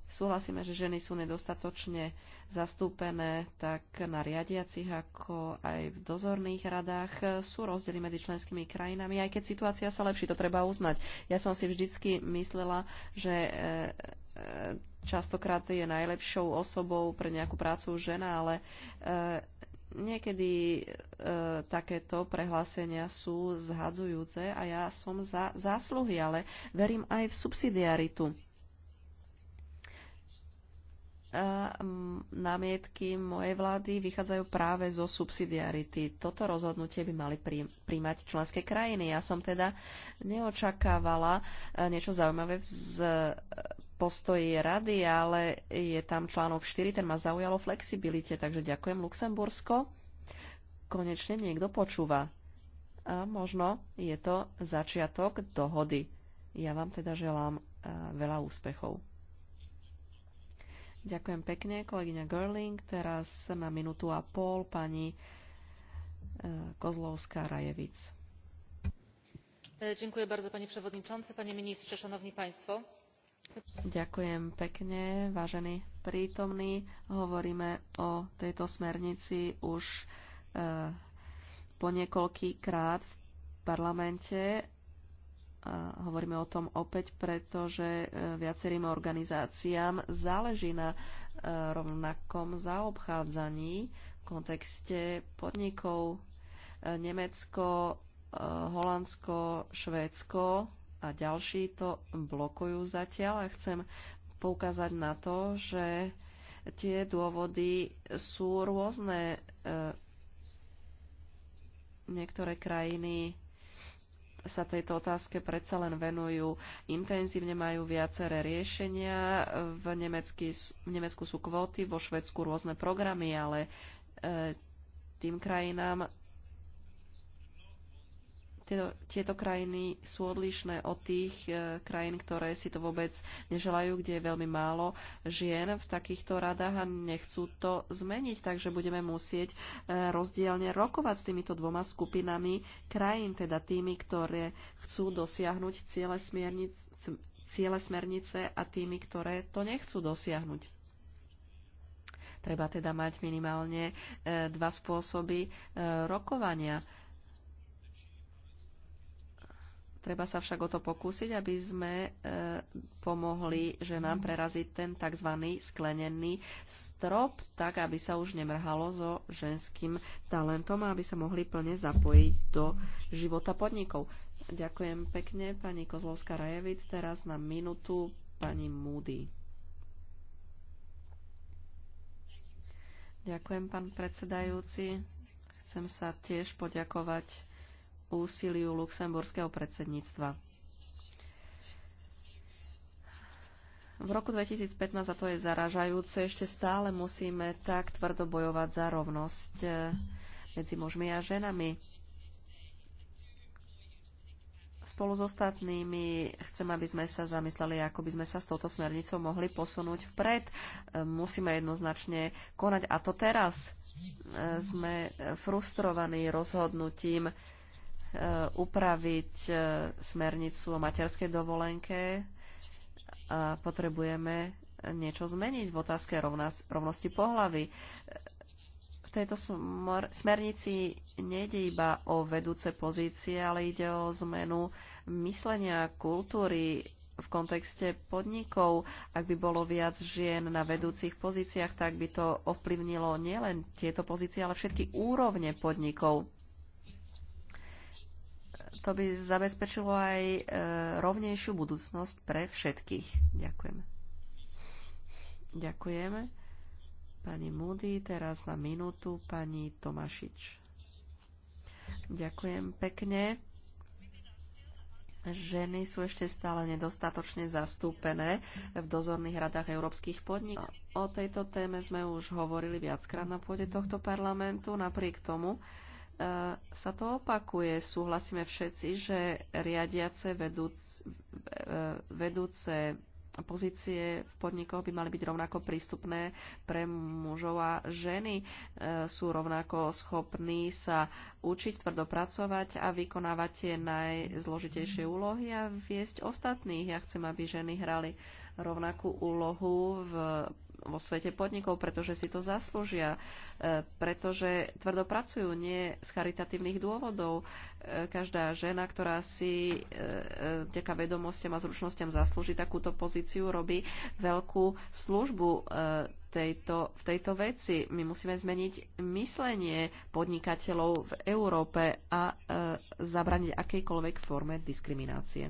C: súhlasíme, že ženy sú nedostatočne zastúpené tak na riadiacich, ako aj v dozorných radách. Sú rozdiely medzi členskými krajinami, aj keď situácia sa lepší, to treba uznať. Ja som si vždycky myslela, že E, častokrát je najlepšou osobou pre nejakú prácu žena, ale e, niekedy e, takéto prehlásenia sú zhadzujúce a ja som za zásluhy, ale verím aj v subsidiaritu. A námietky mojej vlády vychádzajú práve zo subsidiarity. Toto rozhodnutie by mali príjmať členské krajiny. Ja som teda neočakávala niečo zaujímavé z postoji rady, ale je tam článok 4, ten ma zaujalo flexibilite, takže ďakujem Luxembursko. Konečne niekto počúva. A možno je to začiatok dohody. Ja vám teda želám e, veľa úspechov. Ďakujem pekne, kolegyňa Girling. Teraz na minútu a pol pani e, Kozlovská-Rajevic.
E: Dziękuję e, bardzo panie przewodniczący, panie ministrze, szanowni państwo
C: Ďakujem pekne, vážený prítomní, Hovoríme o tejto smernici už e, po niekoľký krát v parlamente. A e, hovoríme o tom opäť, pretože e, viacerým organizáciám záleží na e, rovnakom zaobchádzaní v kontekste podnikov. E, Nemecko, e, Holandsko, Švédsko a ďalší to blokujú zatiaľ a chcem poukázať na to, že tie dôvody sú rôzne. E, niektoré krajiny sa tejto otázke predsa len venujú intenzívne, majú viaceré riešenia. V, Nemecky, v Nemecku sú kvóty, vo Švedsku rôzne programy, ale e, tým krajinám, tieto, tieto krajiny sú odlišné od tých e, krajín, ktoré si to vôbec neželajú, kde je veľmi málo žien v takýchto radách a nechcú to zmeniť. Takže budeme musieť e, rozdielne rokovať s týmito dvoma skupinami krajín, teda tými, ktoré chcú dosiahnuť ciele smernic, ciele smernice a tými, ktoré to nechcú dosiahnuť. Treba teda mať minimálne e, dva spôsoby e, rokovania. Treba sa však o to pokúsiť, aby sme e, pomohli, že nám preraziť ten tzv. sklenený strop, tak aby sa už nemrhalo so ženským talentom a aby sa mohli plne zapojiť do života podnikov. Ďakujem pekne pani Kozlovská Rajevic. Teraz na minútu pani Moody. Ďakujem, pán predsedajúci. Chcem sa tiež poďakovať úsiliu luxemburského predsedníctva. V roku 2015, a to je zaražajúce, ešte stále musíme tak tvrdo bojovať za rovnosť eh, medzi mužmi a ženami. Spolu s ostatnými chcem, aby sme sa zamysleli, ako by sme sa s touto smernicou mohli posunúť vpred. Eh, musíme jednoznačne konať. A to teraz eh, sme frustrovaní rozhodnutím Eh, upraviť eh, smernicu o materskej dovolenke. A potrebujeme niečo zmeniť v otázke rovnosti pohlavy. V tejto smernici nejde iba o vedúce pozície, ale ide o zmenu myslenia kultúry v kontexte podnikov. Ak by bolo viac žien na vedúcich pozíciách, tak by to ovplyvnilo nielen tieto pozície, ale všetky úrovne podnikov to by zabezpečilo aj e, rovnejšiu budúcnosť pre všetkých. Ďakujem. Ďakujem. Pani Moody, teraz na minútu pani Tomašič. Ďakujem pekne. Ženy sú ešte stále nedostatočne zastúpené v dozorných radách európskych podnikov. O tejto téme sme už hovorili viackrát na pôde tohto parlamentu. Napriek tomu, E, sa to opakuje. Súhlasíme všetci, že riadiace vedúc, e, vedúce pozície v podnikoch by mali byť rovnako prístupné pre mužov a ženy. E, sú rovnako schopní sa učiť, tvrdopracovať a vykonávať tie najzložitejšie úlohy a viesť ostatných. Ja chcem, aby ženy hrali rovnakú úlohu v vo svete podnikov, pretože si to zaslúžia, e, pretože tvrdo pracujú, nie z charitatívnych dôvodov. E, každá žena, ktorá si e, vďaka vedomostiam a zručnostiam zaslúži takúto pozíciu, robí veľkú službu tejto, v tejto veci. My musíme zmeniť myslenie podnikateľov v Európe a zabraniť akejkoľvek forme diskriminácie.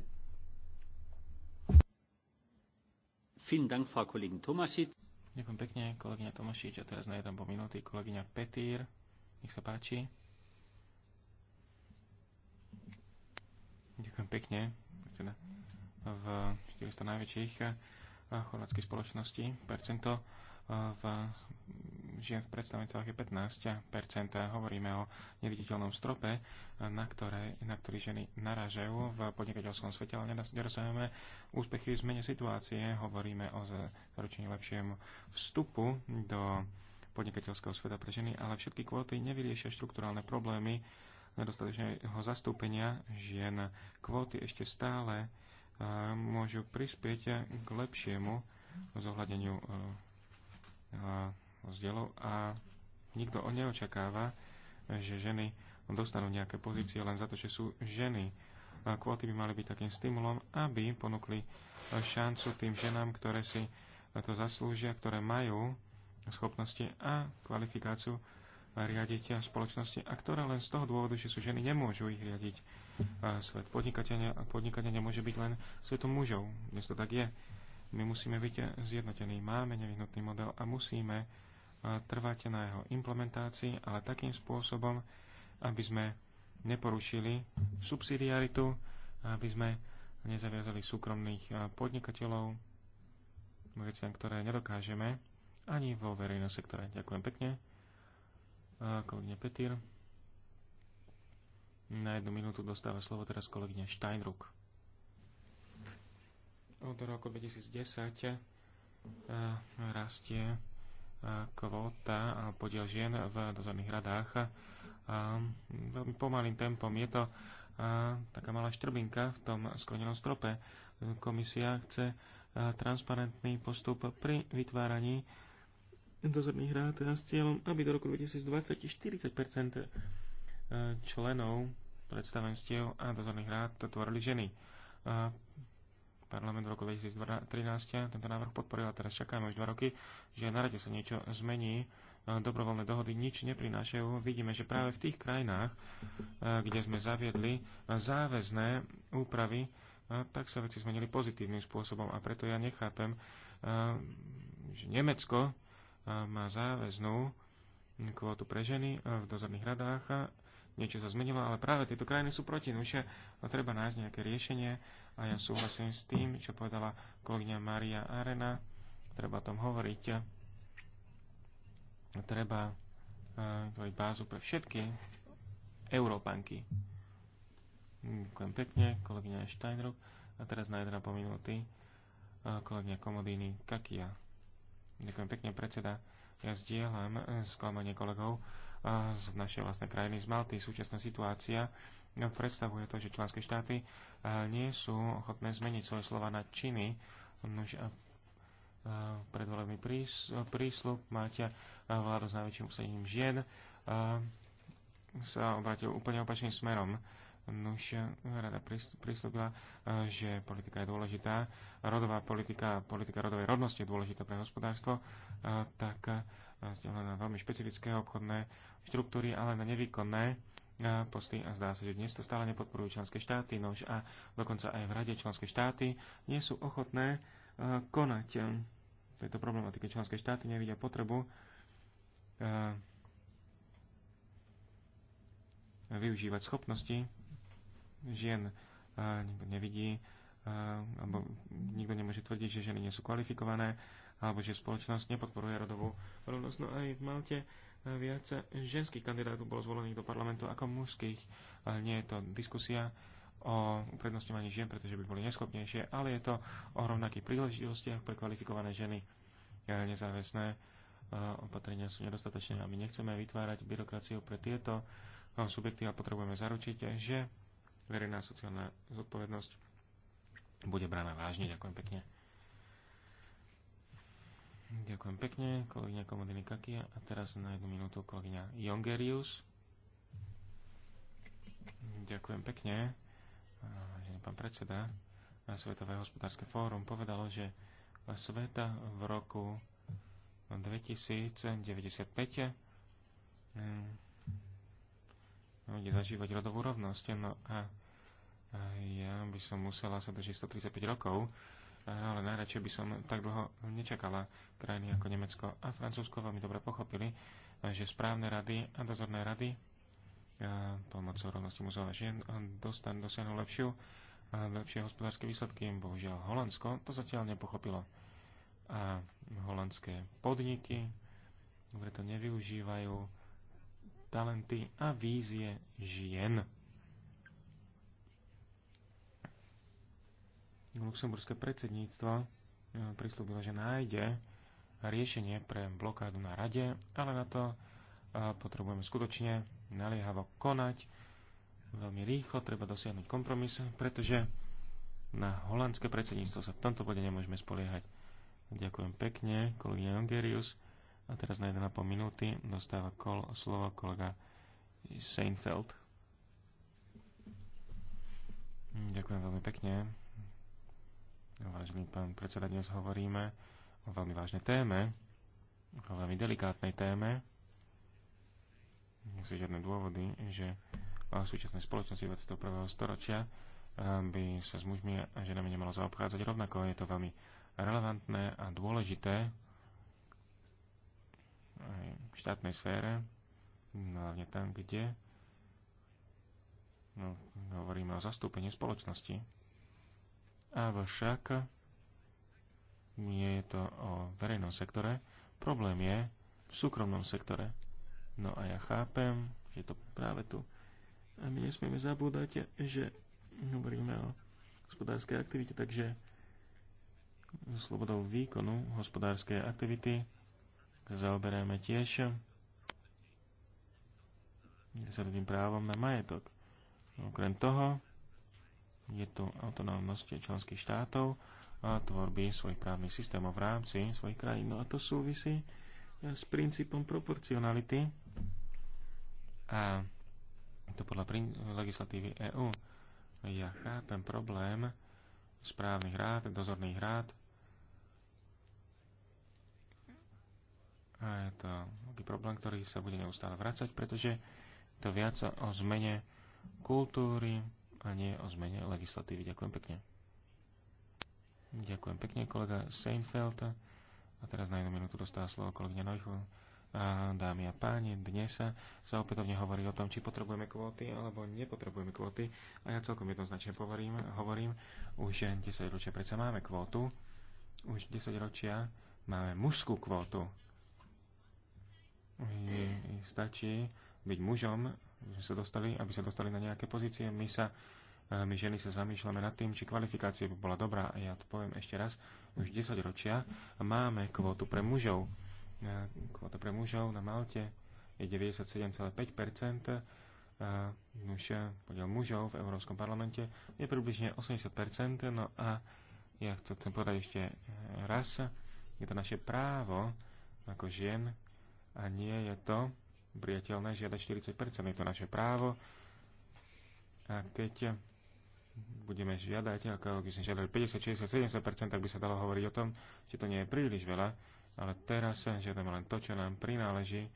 B: Vielen Dank, Frau Kollegin Tomasic. Ďakujem pekne, kolegyňa Tomašič a teraz na po minúty kolegyňa Petýr. Nech sa páči. Ďakujem pekne. Teda v 400 najväčších eh, chorvátskej spoločnosti percento eh, v žien v predstaviteľách je 15 Hovoríme o neviditeľnom strope, na, ktoré, na ktorý ženy naražajú v podnikateľskom svete, ale nedosahujeme úspechy v zmene situácie. Hovoríme o zaručení lepšiemu vstupu do podnikateľského sveta pre ženy, ale všetky kvóty nevyriešia štruktúrálne problémy nedostatočného zastúpenia žien. Kvóty ešte stále e, môžu prispieť k lepšiemu zohľadeniu e, rozdielov a nikto od neočakáva, že ženy dostanú nejaké pozície len za to, že sú ženy. Kvóty by mali byť takým stimulom, aby ponúkli šancu tým ženám, ktoré si to zaslúžia, ktoré majú schopnosti a kvalifikáciu riadiť spoločnosti a ktoré len z toho dôvodu, že sú ženy, nemôžu ich riadiť. Svet podnikania, podnikania nemôže byť len svetom mužov. Dnes to tak je. My musíme byť zjednotení. Máme nevyhnutný model a musíme Trvate na jeho implementácii, ale takým spôsobom, aby sme neporušili subsidiaritu, aby sme nezaviazali súkromných podnikateľov veciam, ktoré nedokážeme ani vo verejnom sektore. Ďakujem pekne. Kolegyne Petýr. Na jednu minútu dostáva slovo teraz kolegyňa Steinruck. Od roku 2010 rastie kvóta a podiel žien v dozorných radách veľmi pomalým tempom. Je to taká malá štrbinka v tom sklenenom strope. Komisia chce transparentný postup pri vytváraní dozorných rád s cieľom, aby do roku 2020 40 e, členov predstavenstiev a dozorných rád tvorili ženy parlament v roku 2013 tento návrh podporil a teraz čakáme už dva roky, že na rade sa niečo zmení. E, dobrovoľné dohody nič neprinášajú. Vidíme, že práve v tých krajinách, e, kde sme zaviedli e, záväzné úpravy, tak sa veci zmenili pozitívnym spôsobom a preto ja nechápem, že Nemecko má záväznú kvótu pre ženy v dozorných radách niečo sa zmenilo, ale práve tieto krajiny sú proti. a treba nájsť nejaké riešenie a ja súhlasím s tým, čo povedala kolegyňa Maria Arena. Treba o tom hovoriť. Treba e, tvoriť bázu pre všetky Európanky. Ďakujem pekne, kolegyňa Steinrup. A teraz na 1,5 minúty e, kolegyňa Komodíny Kakia. Ďakujem pekne, predseda. Ja zdieľam e, sklamanie kolegov z našej vlastnej krajiny, z Malty. Súčasná situácia no, predstavuje to, že členské štáty e, nie sú ochotné zmeniť svoje slova na činy. Nož, e, predvolebný prísľub, máte e, vládu s najväčším usadením žien, sa obratil úplne opačným smerom. Nuša rada pristúpila, e, že politika je dôležitá, rodová politika, politika rodovej rodnosti je dôležitá pre hospodárstvo, e, tak zdieľa na veľmi špecifické obchodné štruktúry, ale na nevýkonné e, posty a zdá sa, že dnes to stále nepodporujú členské štáty, nož a dokonca aj v rade členské štáty nie sú ochotné konať v tejto problematike. Členské štáty nevidia potrebu využívať schopnosti žien e, nikto nevidí, e, alebo nikto nemôže tvrdiť, že ženy nie sú kvalifikované, alebo že spoločnosť nepodporuje rodovú rovnosť. No aj v Malte e, viac ženských kandidátov bolo zvolených do parlamentu ako mužských. Nie je to diskusia o uprednostňovaní žien, pretože by boli neschopnejšie, ale je to o rovnakých príležitostiach pre kvalifikované ženy. Nezáväzné opatrenia sú nedostatočné a my nechceme vytvárať byrokraciu pre tieto subjekty a potrebujeme zaručiť, že verejná sociálna zodpovednosť bude braná vážne. Ďakujem pekne. Ďakujem pekne, kolegyňa Komodiny Kakia. A teraz na jednu minútu kolegyňa Jongerius. Ďakujem pekne. Vážený pán predseda, Svetové hospodárske fórum povedalo, že sveta v roku 2095 bude mm, no, zažívať rodovú rovnosť. No a ja by som musela sa držať 135 rokov, eh, ale najradšej by som tak dlho nečakala. Krajiny ako Nemecko a Francúzsko veľmi dobre pochopili, eh, že správne rady a dozorné rady eh, pomocou rovnosti muzeov a žien dostanú dosiahnu lepšiu, a lepšie hospodárske výsledky. Bohužiaľ Holandsko to zatiaľ nepochopilo. A holandské podniky preto nevyužívajú talenty a vízie žien. luxemburské predsedníctvo e, prislúbilo, že nájde riešenie pre blokádu na rade, ale na to e, potrebujeme skutočne naliehavo konať. Veľmi rýchlo treba dosiahnuť kompromis, pretože na holandské predsedníctvo sa v tomto bode nemôžeme spoliehať. Ďakujem pekne, kolegyňa Jongerius. A teraz na 1,5 minúty dostáva kol, slovo kolega Seinfeld. Ďakujem veľmi pekne. Vážený pán predseda, dnes hovoríme o veľmi vážnej téme, o veľmi delikátnej téme. Nie sú žiadne dôvody, že v súčasnej spoločnosti 21. storočia eh, by sa s mužmi a ženami nemalo zaobchádzať rovnako. Je to veľmi relevantné a dôležité aj v štátnej sfére, hlavne tam, kde no, hovoríme o zastúpení spoločnosti. Avšak nie je to o verejnom sektore, problém je v súkromnom sektore. No a ja chápem, že to práve tu. A my nesmieme zabúdať, že hovoríme o hospodárskej aktivite, takže slobodou výkonu hospodárskej aktivity zaoberáme tiež sa právom na majetok. Okrem toho je tu autonómnosť členských štátov a tvorby svojich právnych systémov v rámci svojich krajín. No a to súvisí s princípom proporcionality a to podľa legislatívy EÚ. Ja chápem problém správnych rád, dozorných rád a je to veľký problém, ktorý sa bude neustále vracať, pretože to viac o zmene kultúry, a nie o zmene legislatívy. Ďakujem pekne. Ďakujem pekne, kolega Seinfeld. A teraz na jednu minútu dostáva slovo kolegyňa Neuchl. A dámy a páni, dnes sa, sa opätovne hovorí o tom, či potrebujeme kvóty alebo nepotrebujeme kvóty. A ja celkom jednoznačne povorím, hovorím, už 10 ročia predsa máme kvótu, už 10 ročia máme mužskú kvótu. Stačí byť mužom že sa dostali, aby sa dostali na nejaké pozície. My sa e, my ženy sa zamýšľame nad tým, či kvalifikácia by bola dobrá. A ja to poviem ešte raz, už 10 ročia máme kvótu pre mužov. E, Kvota pre mužov na Malte je 97,5%. Už podiel mužov v Európskom parlamente je približne 80%. No a ja chcem povedať ešte e, raz, je to naše právo ako žien a nie je to priateľné žiadať 40%. Je to naše právo. A keď budeme žiadať, ako by sme žiadali 50, 60, 70%, tak by sa dalo hovoriť o tom, že to nie je príliš veľa, ale teraz žiadame len to, čo nám prináleží.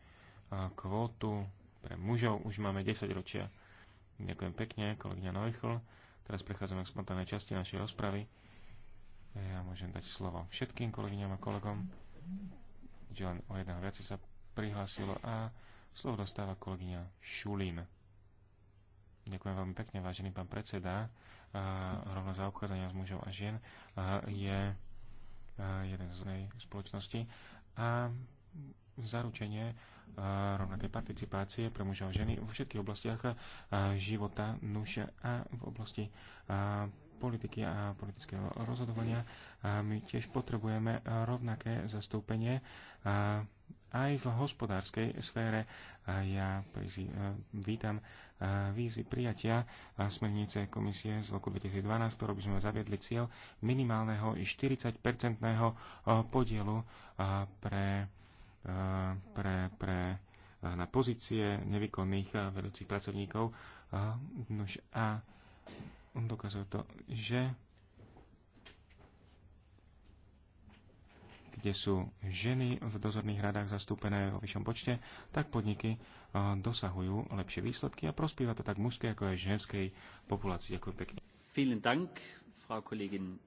B: Kvótu pre mužov už máme 10 ročia. Ďakujem pekne, kolegyňa Neuchl. Teraz prechádzame k spontánnej časti našej rozpravy. Ja môžem dať slovo všetkým kolegyňam a kolegom, že len o jedného viac sa prihlásilo a Slovo dostáva kolegyňa Šulín. Ďakujem veľmi pekne, vážený pán predseda. Rovno za obchádzania s mužov a žien je jeden z nej spoločnosti a zaručenie rovnakej participácie pre mužov a ženy vo všetkých oblastiach života, nuša a v oblasti politiky a politického rozhodovania. My tiež potrebujeme rovnaké zastúpenie aj v hospodárskej sfére. Ja e, vítam e, výzvy prijatia e, smernice komisie z roku 2012, ktorú by sme zaviedli cieľ minimálneho i 40-percentného podielu pre, pre, pre na pozície nevykonných vedúcich pracovníkov. a dokazuje to, že kde sú ženy v dozorných radách zastúpené vo vyššom počte, tak podniky eh, dosahujú lepšie výsledky a prospieva to tak mužskej ako aj ženskej populácii. Ďakujem pekne. Vielen Dank, Frau Kollegin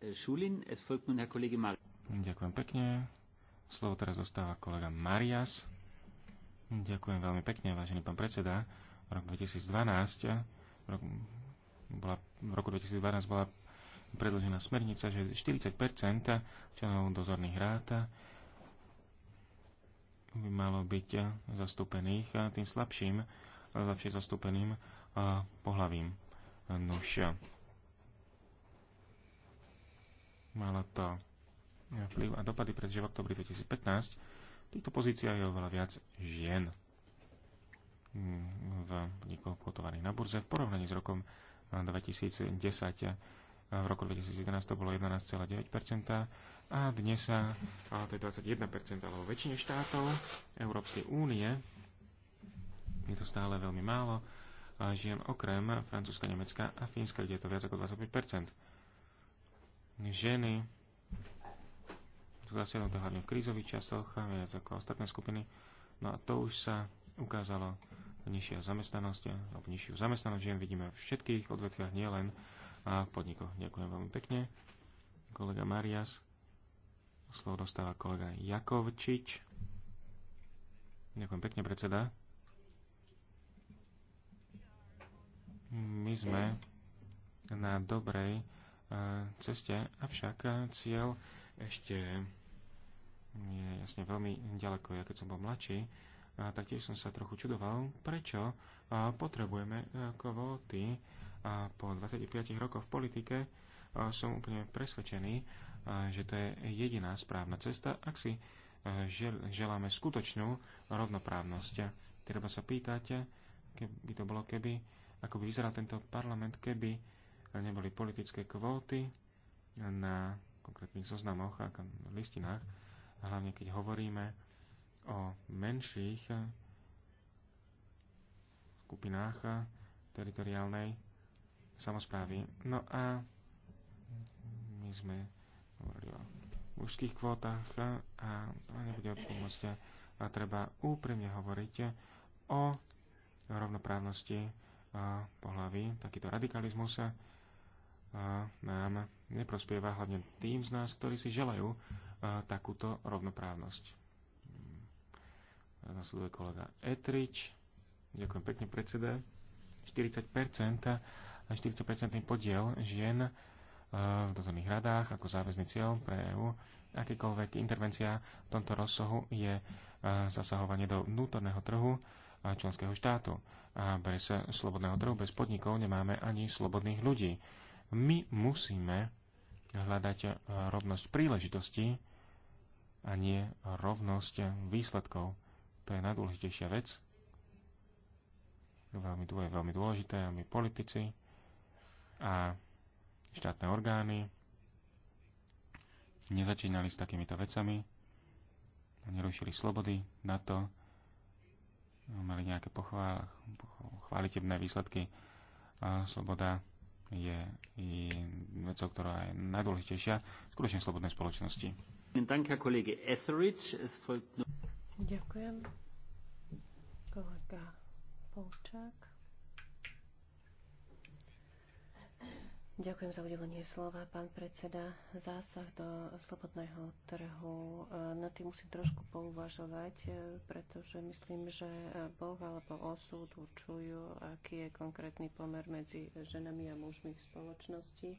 B: eh, Schulin. Es folgt nun Herr Kollege Marias. Ďakujem pekne. Slovo teraz zostáva kolega Marias. Ďakujem veľmi pekne, vážený pán predseda. Rok 2012 eh, rok, bola, v roku 2012 bola predložená smernica, že 40 členov dozorných rád by malo byť zastúpených tým slabším, lepšie zastúpeným pohlavím. Nuž, malo to vplyv a dopady, pretože v oktobri 2015 v týchto pozíciách je oveľa viac žien v podnikoch kotovaných na burze v porovnaní s rokom 2010 v roku 2011 to bolo 11,9% a dnes sa, ale to je 21%, alebo väčšine štátov Európskej únie, je to stále veľmi málo, žien okrem Francúzska, Nemecka a Fínska, kde je to viac ako 25%. Ženy sú zasiahnuté hlavne v krízových časoch a viac ako ostatné skupiny. No a to už sa ukázalo nižšia zamestnanosť, alebo nižšiu zamestnanosť žien vidíme v všetkých odvetviach, nielen a podnikoch. Ďakujem veľmi pekne. Kolega Marias. Slovo dostáva kolega Jakovčič. Ďakujem pekne, predseda. My sme na dobrej e, ceste, avšak e, cieľ ešte je jasne veľmi ďaleko. Ja keď som bol mladší, e, tak tiež som sa trochu čudoval, prečo potrebujeme kvóty a po 25 rokoch v politike e, som úplne presvedčený, e, že to je jediná správna cesta, ak si e, želáme skutočnú rovnoprávnosť. Treba sa pýtať, keby to bolo keby, ako by vyzeral tento parlament, keby neboli politické kvóty na konkrétnych zoznamoch a listinách, hlavne keď hovoríme o menších skupinách teritoriálnej samozprávy. No a my sme hovorili o mužských kvótach a nebude pomôcť a treba úprimne hovoriť o rovnoprávnosti pohlaví. Takýto radikalizmus nám neprospieva hlavne tým z nás, ktorí si želajú takúto rovnoprávnosť. Nasleduje kolega Etrič. Ďakujem pekne, predseda. 40 a 40% podiel žien e, v dozorných radách ako záväzný cieľ pre EÚ. Akýkoľvek intervencia v tomto rozsahu je e, zasahovanie do vnútorného trhu e, členského štátu. A bez slobodného trhu, bez podnikov nemáme ani slobodných ľudí. My musíme hľadať rovnosť príležitosti a nie rovnosť výsledkov. To je najdôležitejšia vec. Veľmi, je veľmi dôležité a my politici a štátne orgány nezačínali s takýmito vecami nerušili slobody na to, mali nejaké pochvál, chválitebné výsledky. A sloboda je, je vecou, ktorá je najdôležitejšia v skutočne slobodnej spoločnosti.
D: Ďakujem. Kolega Polčák. Ďakujem za udelenie slova, pán predseda. Zásah do slobodného trhu, eh, na tým musím trošku pouvažovať, eh, pretože myslím, že Boh alebo osud určujú, aký je konkrétny pomer medzi ženami a mužmi v spoločnosti.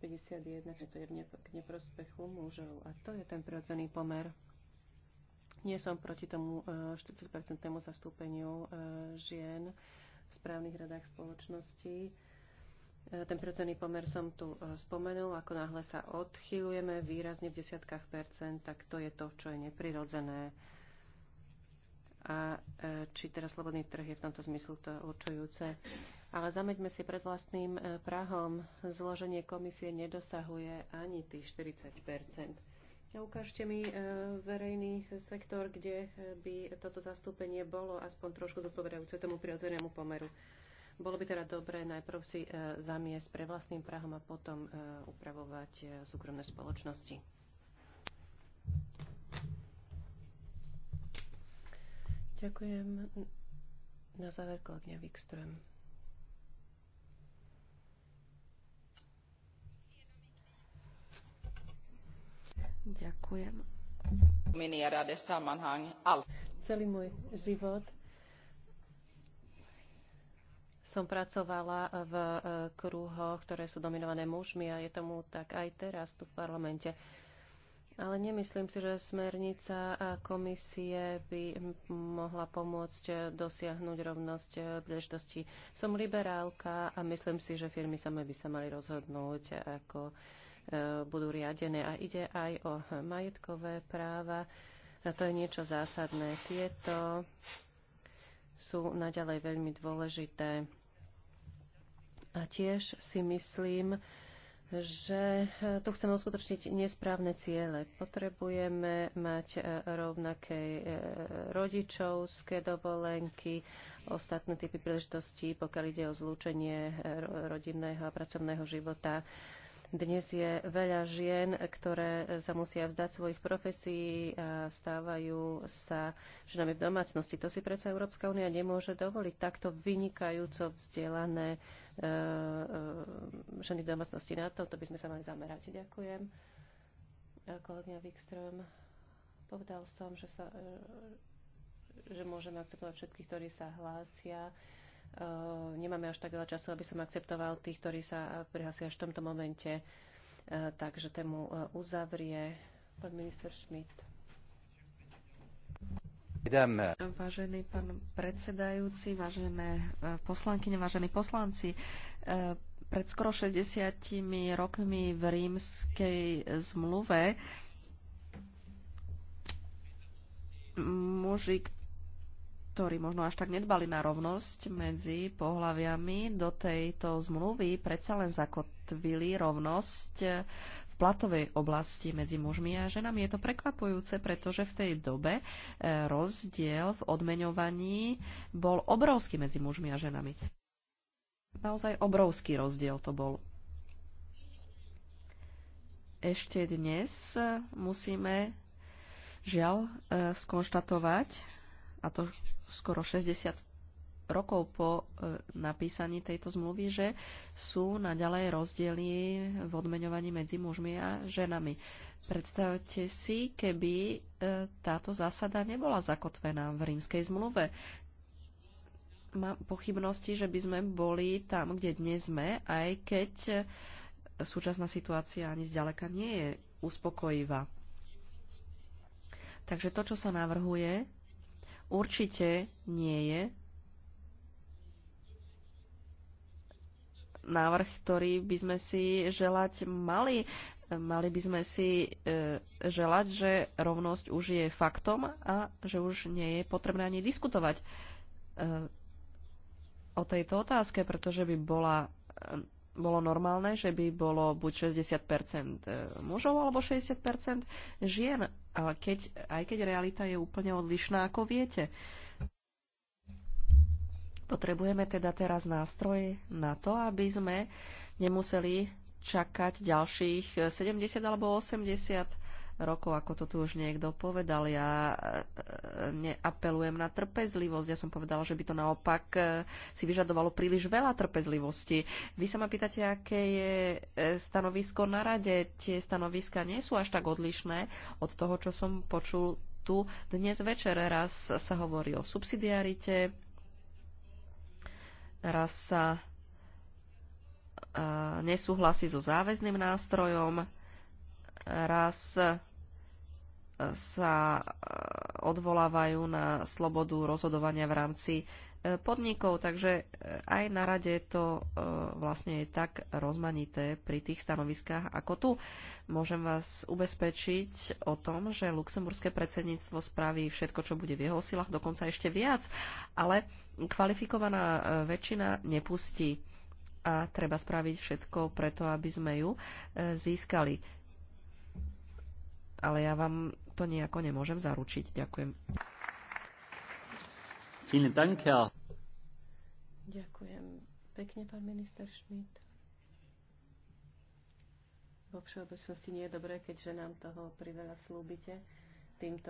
D: 51, že to je k neprospechu mužov. A to je ten prirodzený pomer. Nie som proti tomu 40-percentnému eh, zastúpeniu žien v správnych radách spoločnosti E, ten prirodzený pomer som tu e, spomenul, ako náhle sa odchýlujeme výrazne v desiatkách percent, tak to je to, čo je neprirodzené. A e, či teraz slobodný trh je v tomto zmyslu to určujúce. Ale zameďme si pred vlastným prahom. Zloženie komisie nedosahuje ani tých 40 a ukážte mi verejný sektor, kde by toto zastúpenie bolo aspoň trošku zodpovedajúce tomu prirodzenému pomeru. Bolo by teda dobré najprv si e, zamiesť pre vlastným prahom a potom e, upravovať e, súkromné spoločnosti. Ďakujem. Na záver kolegňa. Wikström. Ďakujem. Celý môj život som pracovala v e, kruhoch, ktoré sú dominované mužmi a je tomu tak aj teraz tu v parlamente. Ale nemyslím si, že smernica a komisie by mohla pomôcť e, dosiahnuť rovnosť e, príležitosti. Som liberálka a myslím si, že firmy same by sa mali rozhodnúť, ako budú riadené. A ide aj o majetkové práva. A to je niečo zásadné. Tieto sú naďalej veľmi dôležité. A tiež si myslím, že tu chceme uskutočniť nesprávne ciele. Potrebujeme mať e, rovnaké e, rodičovské dovolenky, ostatné typy príležitostí, pokiaľ ide o zlúčenie e, rodinného a pracovného života. Dnes je veľa žien, ktoré sa musia vzdať svojich profesí a stávajú sa ženami v domácnosti. To si predsa Európska únia nemôže dovoliť. Takto vynikajúco vzdelané e, e, ženy v domácnosti. Na to, to by sme sa mali zamerať. Ďakujem. Kolegyňa Wikström, povedal som, že, sa, e, že môžeme akceptovať všetkých, ktorí sa hlásia. Eh, nemáme až tak veľa času, aby som akceptoval tých, ktorí sa prihlasia až v tomto momente. Eh, takže tému eh, uzavrie pán minister Schmidt.
C: Vážený pán predsedajúci, vážené poslankyne, vážení poslanci, pred skoro 60 rokmi v rímskej zmluve muži, ktorí možno až tak nedbali na rovnosť medzi pohľaviami, do tejto zmluvy predsa len zakotvili rovnosť v platovej oblasti medzi mužmi a ženami. Je to prekvapujúce, pretože v tej dobe e, rozdiel v odmeňovaní bol obrovský medzi mužmi a ženami. Naozaj obrovský rozdiel to bol. Ešte dnes musíme žiaľ e, skonštatovať, a to skoro 60 rokov po e, napísaní tejto zmluvy, že sú naďalej rozdiely v odmeňovaní medzi mužmi a ženami. Predstavte si, keby e, táto zásada nebola zakotvená v rímskej zmluve. Mám pochybnosti, že by sme boli tam, kde dnes sme, aj keď e, súčasná situácia ani zďaleka nie je uspokojivá. Takže to, čo sa navrhuje, určite nie je návrh, ktorý by sme si želať mali. Mali by sme si e, želať, že rovnosť už je faktom a že už nie je potrebné ani diskutovať e, o tejto otázke, pretože by bola bolo normálne, že by bolo buď 60% e, mužov alebo 60% žien, ale keď, aj keď realita je úplne odlišná, ako viete. Potrebujeme teda teraz nástroje na to, aby sme nemuseli čakať ďalších 70 alebo 80 rokov, ako to tu už niekto povedal. Ja e, e, neapelujem na trpezlivosť. Ja som povedala, že by to naopak e, si vyžadovalo príliš veľa trpezlivosti. Vy sa ma pýtate, aké je stanovisko na rade. Tie stanoviska nie sú až tak odlišné od toho, čo som počul tu dnes večer. Raz sa hovorí o subsidiarite, raz sa nesúhlasí so záväzným nástrojom, raz sa eh, odvolávajú na slobodu rozhodovania v rámci eh, podnikov, takže eh, aj na rade to vlastne je tak rozmanité pri tých stanoviskách ako tu. Môžem vás ubezpečiť o tom, že luxemburské predsedníctvo spraví všetko, čo bude v jeho silách, dokonca ešte viac, ale kvalifikovaná väčšina nepustí a treba spraviť všetko preto, aby sme ju získali ale ja vám to nejako nemôžem zaručiť. Ďakujem.
D: Ďakujem pekne, pán minister Schmidt. Vo všeobecnosti nie je dobré, keďže nám toho priveľa slúbite. Týmto